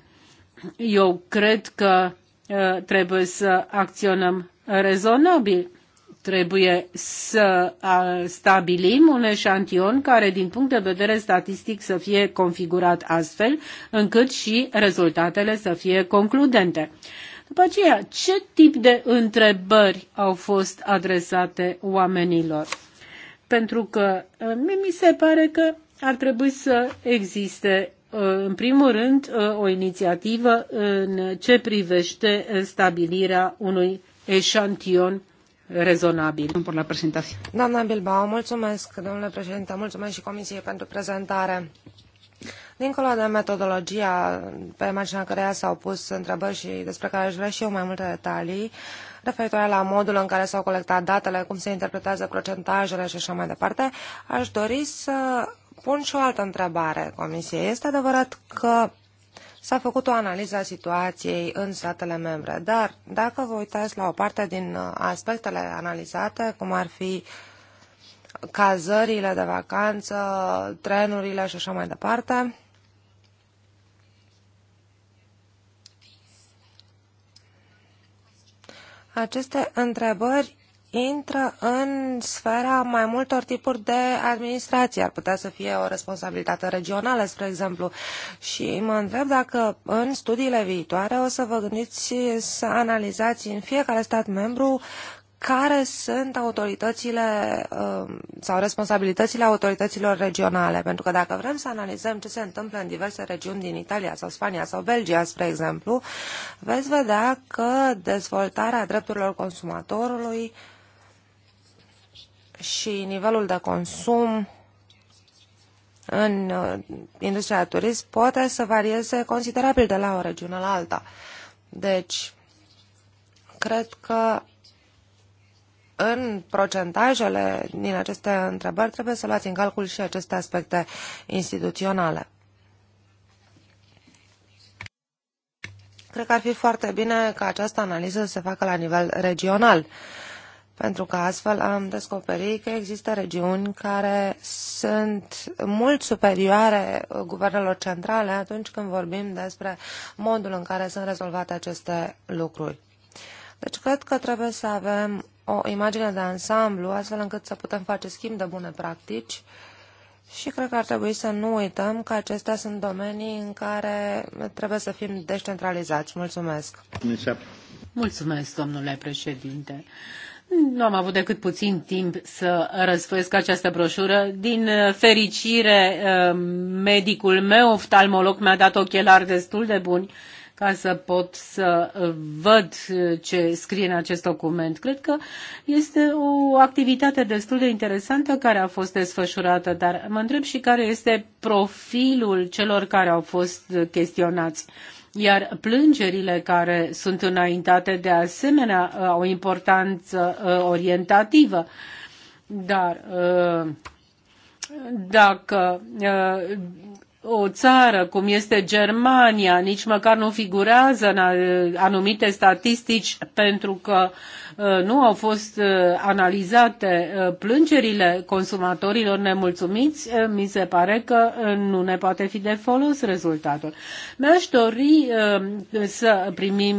Eu cred că uh, trebuie să acționăm rezonabil trebuie să stabilim un eșantion care, din punct de vedere statistic, să fie configurat astfel încât și rezultatele să fie concludente. După aceea, ce tip de întrebări au fost adresate oamenilor? Pentru că mi se pare că ar trebui să existe în primul rând, o inițiativă în ce privește stabilirea unui eșantion rezonabil. Doamna Bilbao, mulțumesc, domnule președinte, mulțumesc și Comisiei pentru prezentare. Dincolo de metodologia pe marginea căreia s-au pus întrebări și despre care aș vrea și eu mai multe detalii, referitoare la modul în care s-au colectat datele, cum se interpretează procentajele și așa mai departe, aș dori să pun și o altă întrebare Comisiei. Este adevărat că s-a făcut o analiză a situației în statele membre, dar dacă vă uitați la o parte din uh, aspectele analizate, cum ar fi cazările de vacanță, trenurile și așa mai departe, Aceste întrebări intră în sfera mai multor tipuri de administrație. Ar putea să fie o responsabilitate regională, spre exemplu. Și mă întreb dacă în studiile viitoare o să vă gândiți să analizați în fiecare stat membru care sunt autoritățile um, sau responsabilitățile autorităților regionale. Pentru că dacă vrem să analizăm ce se întâmplă în diverse regiuni din Italia sau Spania sau Belgia, spre exemplu, veți vedea că dezvoltarea drepturilor consumatorului și nivelul de consum în uh, industria de turism poate să varieze considerabil de la o regiune la alta. Deci, cred că în procentajele din aceste întrebări trebuie să luați în calcul și aceste aspecte instituționale. Cred că ar fi foarte bine ca această analiză să se facă la nivel regional pentru că astfel am descoperit că există regiuni care sunt mult superioare uh, guvernelor centrale atunci când vorbim despre modul în care sunt rezolvate aceste lucruri. Deci cred că trebuie să avem o imagine de ansamblu, astfel încât să putem face schimb de bune practici și cred că ar trebui să nu uităm că acestea sunt domenii în care trebuie să fim descentralizați. Mulțumesc! Mulțumesc, domnule președinte! Nu am avut decât puțin timp să răsfoiesc această broșură. Din uh, fericire, uh, medicul meu, oftalmolog, mi-a dat ochelari destul de buni ca să pot să uh, văd ce scrie în acest document. Cred că este o activitate destul de interesantă care a fost desfășurată, dar mă întreb și care este profilul celor care au fost chestionați iar plângerile care sunt înaintate de asemenea uh, au importanță uh, orientativă. Dar uh, dacă o țară cum este Germania nici măcar nu figurează în anumite statistici pentru că Uh, nu au fost uh, analizate uh, plângerile consumatorilor nemulțumiți, mi se pare că nu ne poate fi de folos rezultatul. Mi-aș dori să primim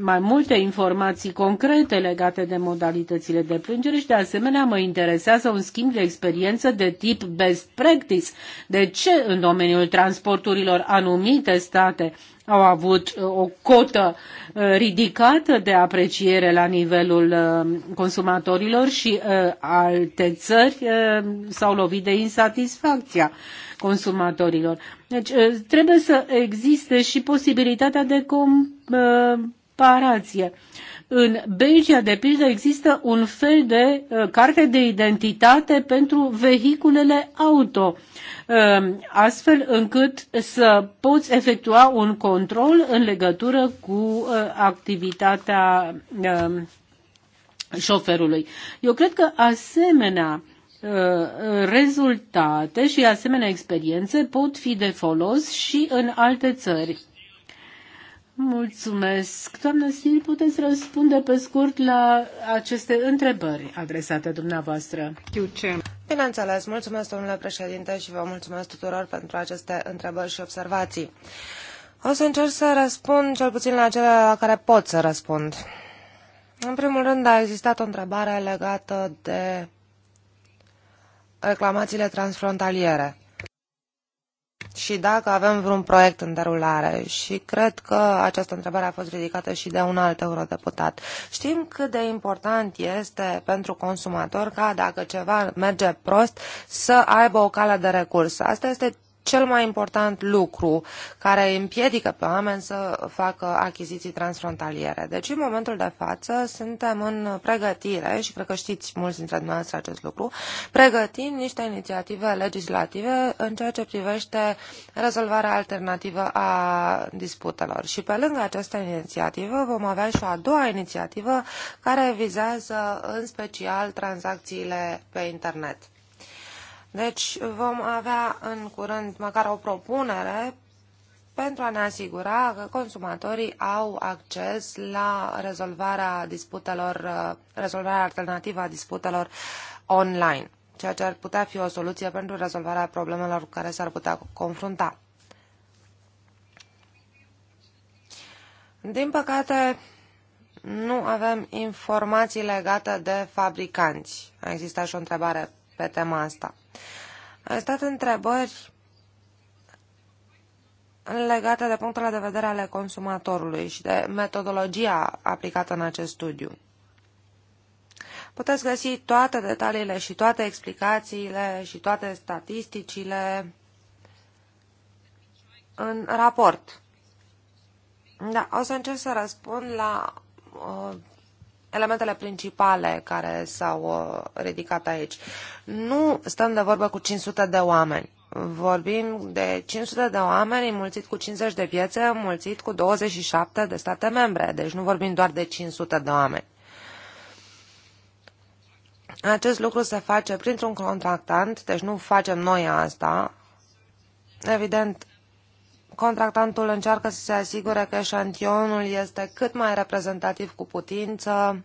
mai multe informații concrete legate de modalitățile de plângere și de asemenea mă interesează un schimb de experiență de tip best practice. De ce în domeniul transporturilor anumite state au avut uh, o cotă uh, ridicată de apreciere la nivelul uh, consumatorilor și alte țări s-au lovit de insatisfacția consumatorilor. Deci trebuie să existe și posibilitatea de comparație. Uh, în Belgia, de pildă, există un fel de uh, carte de identitate pentru vehiculele auto, uh, astfel încât să poți efectua un control în legătură cu uh, activitatea uh, șoferului. Eu cred că asemenea uh, rezultate și asemenea experiențe pot fi de folos și în alte țări. Mulțumesc. Doamnă Stil, puteți răspunde pe scurt la aceste întrebări adresate dumneavoastră. Bineînțeles, mulțumesc, domnule președinte, și vă mulțumesc tuturor pentru aceste întrebări și observații. O să încerc să răspund cel puțin la cele la care pot să răspund. În primul rând, a existat o întrebare legată de reclamațiile transfrontaliere și dacă avem vreun proiect în derulare și cred că această întrebare a fost ridicată și de un alt eurodeputat. Știm cât de important este pentru consumator ca dacă ceva merge prost să aibă o cale de recurs. Asta este cel mai important lucru care împiedică pe oameni să facă achiziții transfrontaliere. Deci, în momentul de față, suntem în pregătire, și cred că știți mulți dintre dumneavoastră acest lucru, pregătim niște inițiative legislative în ceea ce privește rezolvarea alternativă a disputelor. Și pe lângă această inițiativă vom avea și o a doua inițiativă care vizează în special tranzacțiile pe internet. Deci vom avea în curând măcar o propunere pentru a ne asigura că consumatorii au acces la rezolvarea disputelor, rezolvarea alternativă a disputelor online, ceea ce ar putea fi o soluție pentru rezolvarea problemelor cu care s-ar putea confrunta. Din păcate, nu avem informații legate de fabricanți. A existat și o întrebare pe tema asta. Au stat întrebări legate de punctele de vedere ale consumatorului și de metodologia aplicată în acest studiu. Puteți găsi toate detaliile și toate explicațiile și toate statisticile în raport. Da, o să încerc să răspund la uh, elementele principale care s-au uh, ridicat aici. Nu stăm de vorbă cu 500 de oameni. Vorbim de 500 de oameni înmulțit cu 50 de piețe, înmulțit cu 27 de state membre. Deci nu vorbim doar de 500 de oameni. Acest lucru se face printr-un contractant, deci nu facem noi asta. Evident, contractantul încearcă să se asigure că eșantionul este cât mai reprezentativ cu putință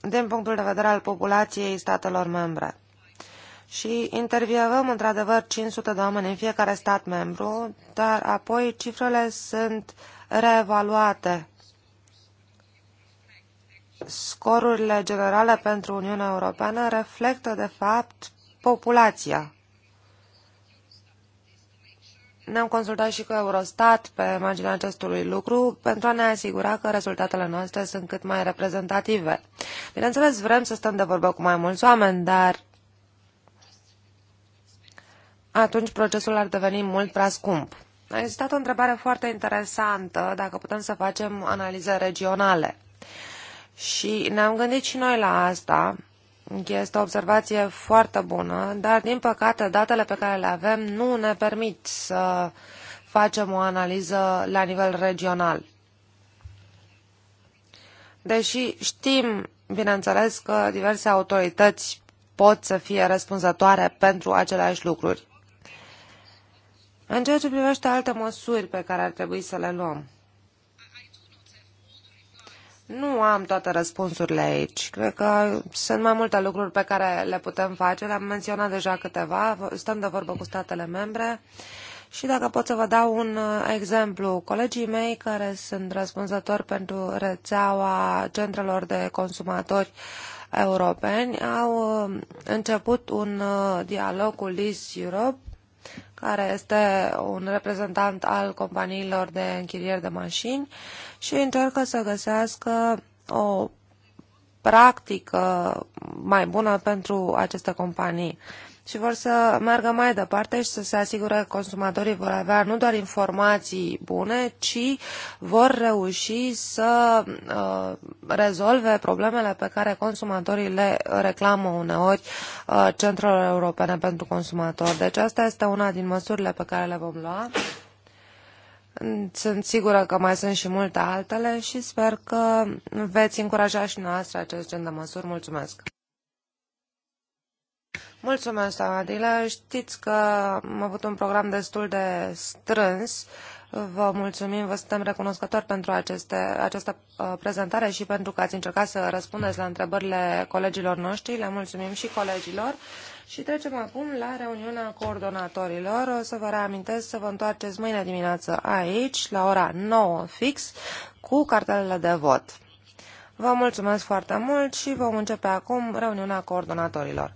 din punctul de vedere al populației statelor membre. Și intervievăm într-adevăr 500 de oameni în fiecare stat membru, dar apoi cifrele sunt reevaluate. Scorurile generale pentru Uniunea Europeană reflectă, de fapt, populația ne-am consultat și cu Eurostat pe marginea acestui lucru pentru a ne asigura că rezultatele noastre sunt cât mai reprezentative. Bineînțeles, vrem să stăm de vorbă cu mai mulți oameni, dar atunci procesul ar deveni mult prea scump. A existat o întrebare foarte interesantă dacă putem să facem analize regionale. Și ne-am gândit și noi la asta, este o observație foarte bună, dar din păcate datele pe care le avem nu ne permit să facem o analiză la nivel regional. Deși știm, bineînțeles, că diverse autorități pot să fie răspunzătoare pentru aceleași lucruri. În ceea ce privește alte măsuri pe care ar trebui să le luăm, nu am toate răspunsurile aici. Cred că sunt mai multe lucruri pe care le putem face. Le-am menționat deja câteva. Stăm de vorbă cu statele membre. Și dacă pot să vă dau un uh, exemplu, colegii mei care sunt răspunzători pentru rețeaua centrelor de consumatori europeni au uh, început un uh, dialog cu LIS Europe, care este un reprezentant al companiilor de închirieri de mașini, și încearcă să găsească o practică mai bună pentru aceste companii și vor să meargă mai departe și să se asigure că consumatorii vor avea nu doar informații bune, ci vor reuși să uh, rezolve problemele pe care consumatorii le reclamă uneori uh, centrelor europene pentru consumatori. Deci asta este una din măsurile pe care le vom lua sunt sigură că mai sunt și multe altele și sper că veți încuraja și noastră acest gen de măsuri. Mulțumesc! Mulțumesc, doamna Știți că am avut un program destul de strâns. Vă mulțumim, vă suntem recunoscători pentru aceste, această uh, prezentare și pentru că ați încercat să răspundeți la întrebările colegilor noștri. Le mulțumim și colegilor. Și trecem acum la reuniunea coordonatorilor. O să vă reamintesc să vă întoarceți mâine dimineață aici, la ora 9 fix, cu cartelele de vot. Vă mulțumesc foarte mult și vom începe acum reuniunea coordonatorilor.